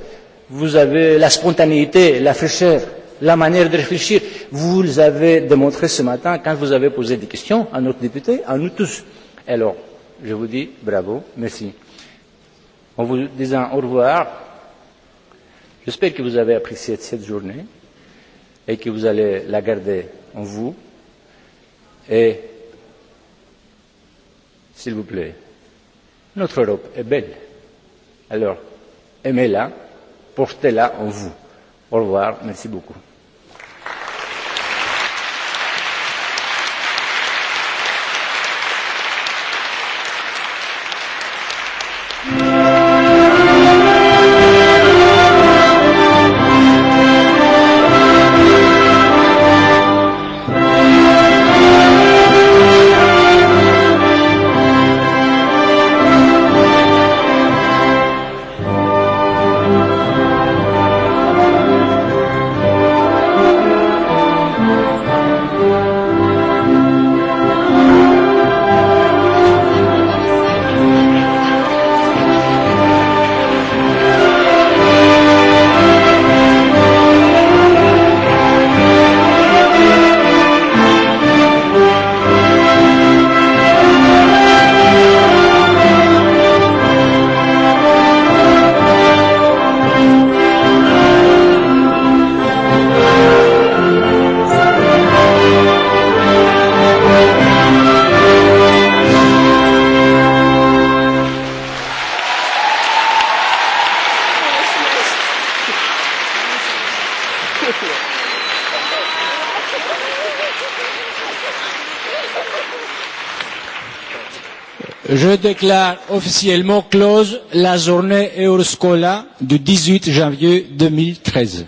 vous avez la spontanéité, la fraîcheur, la manière de réfléchir. Vous avez démontré ce matin quand vous avez posé des questions à notre député, à nous tous. Alors, je vous dis bravo, merci en vous disant au revoir. J'espère que vous avez apprécié cette journée et que vous allez la garder en vous. Et s'il vous plaît, notre Europe est belle. Alors, aimez-la, portez-la en vous. Au revoir, merci beaucoup. déclare officiellement close la journée Euroscola du dix huit janvier deux mille treize.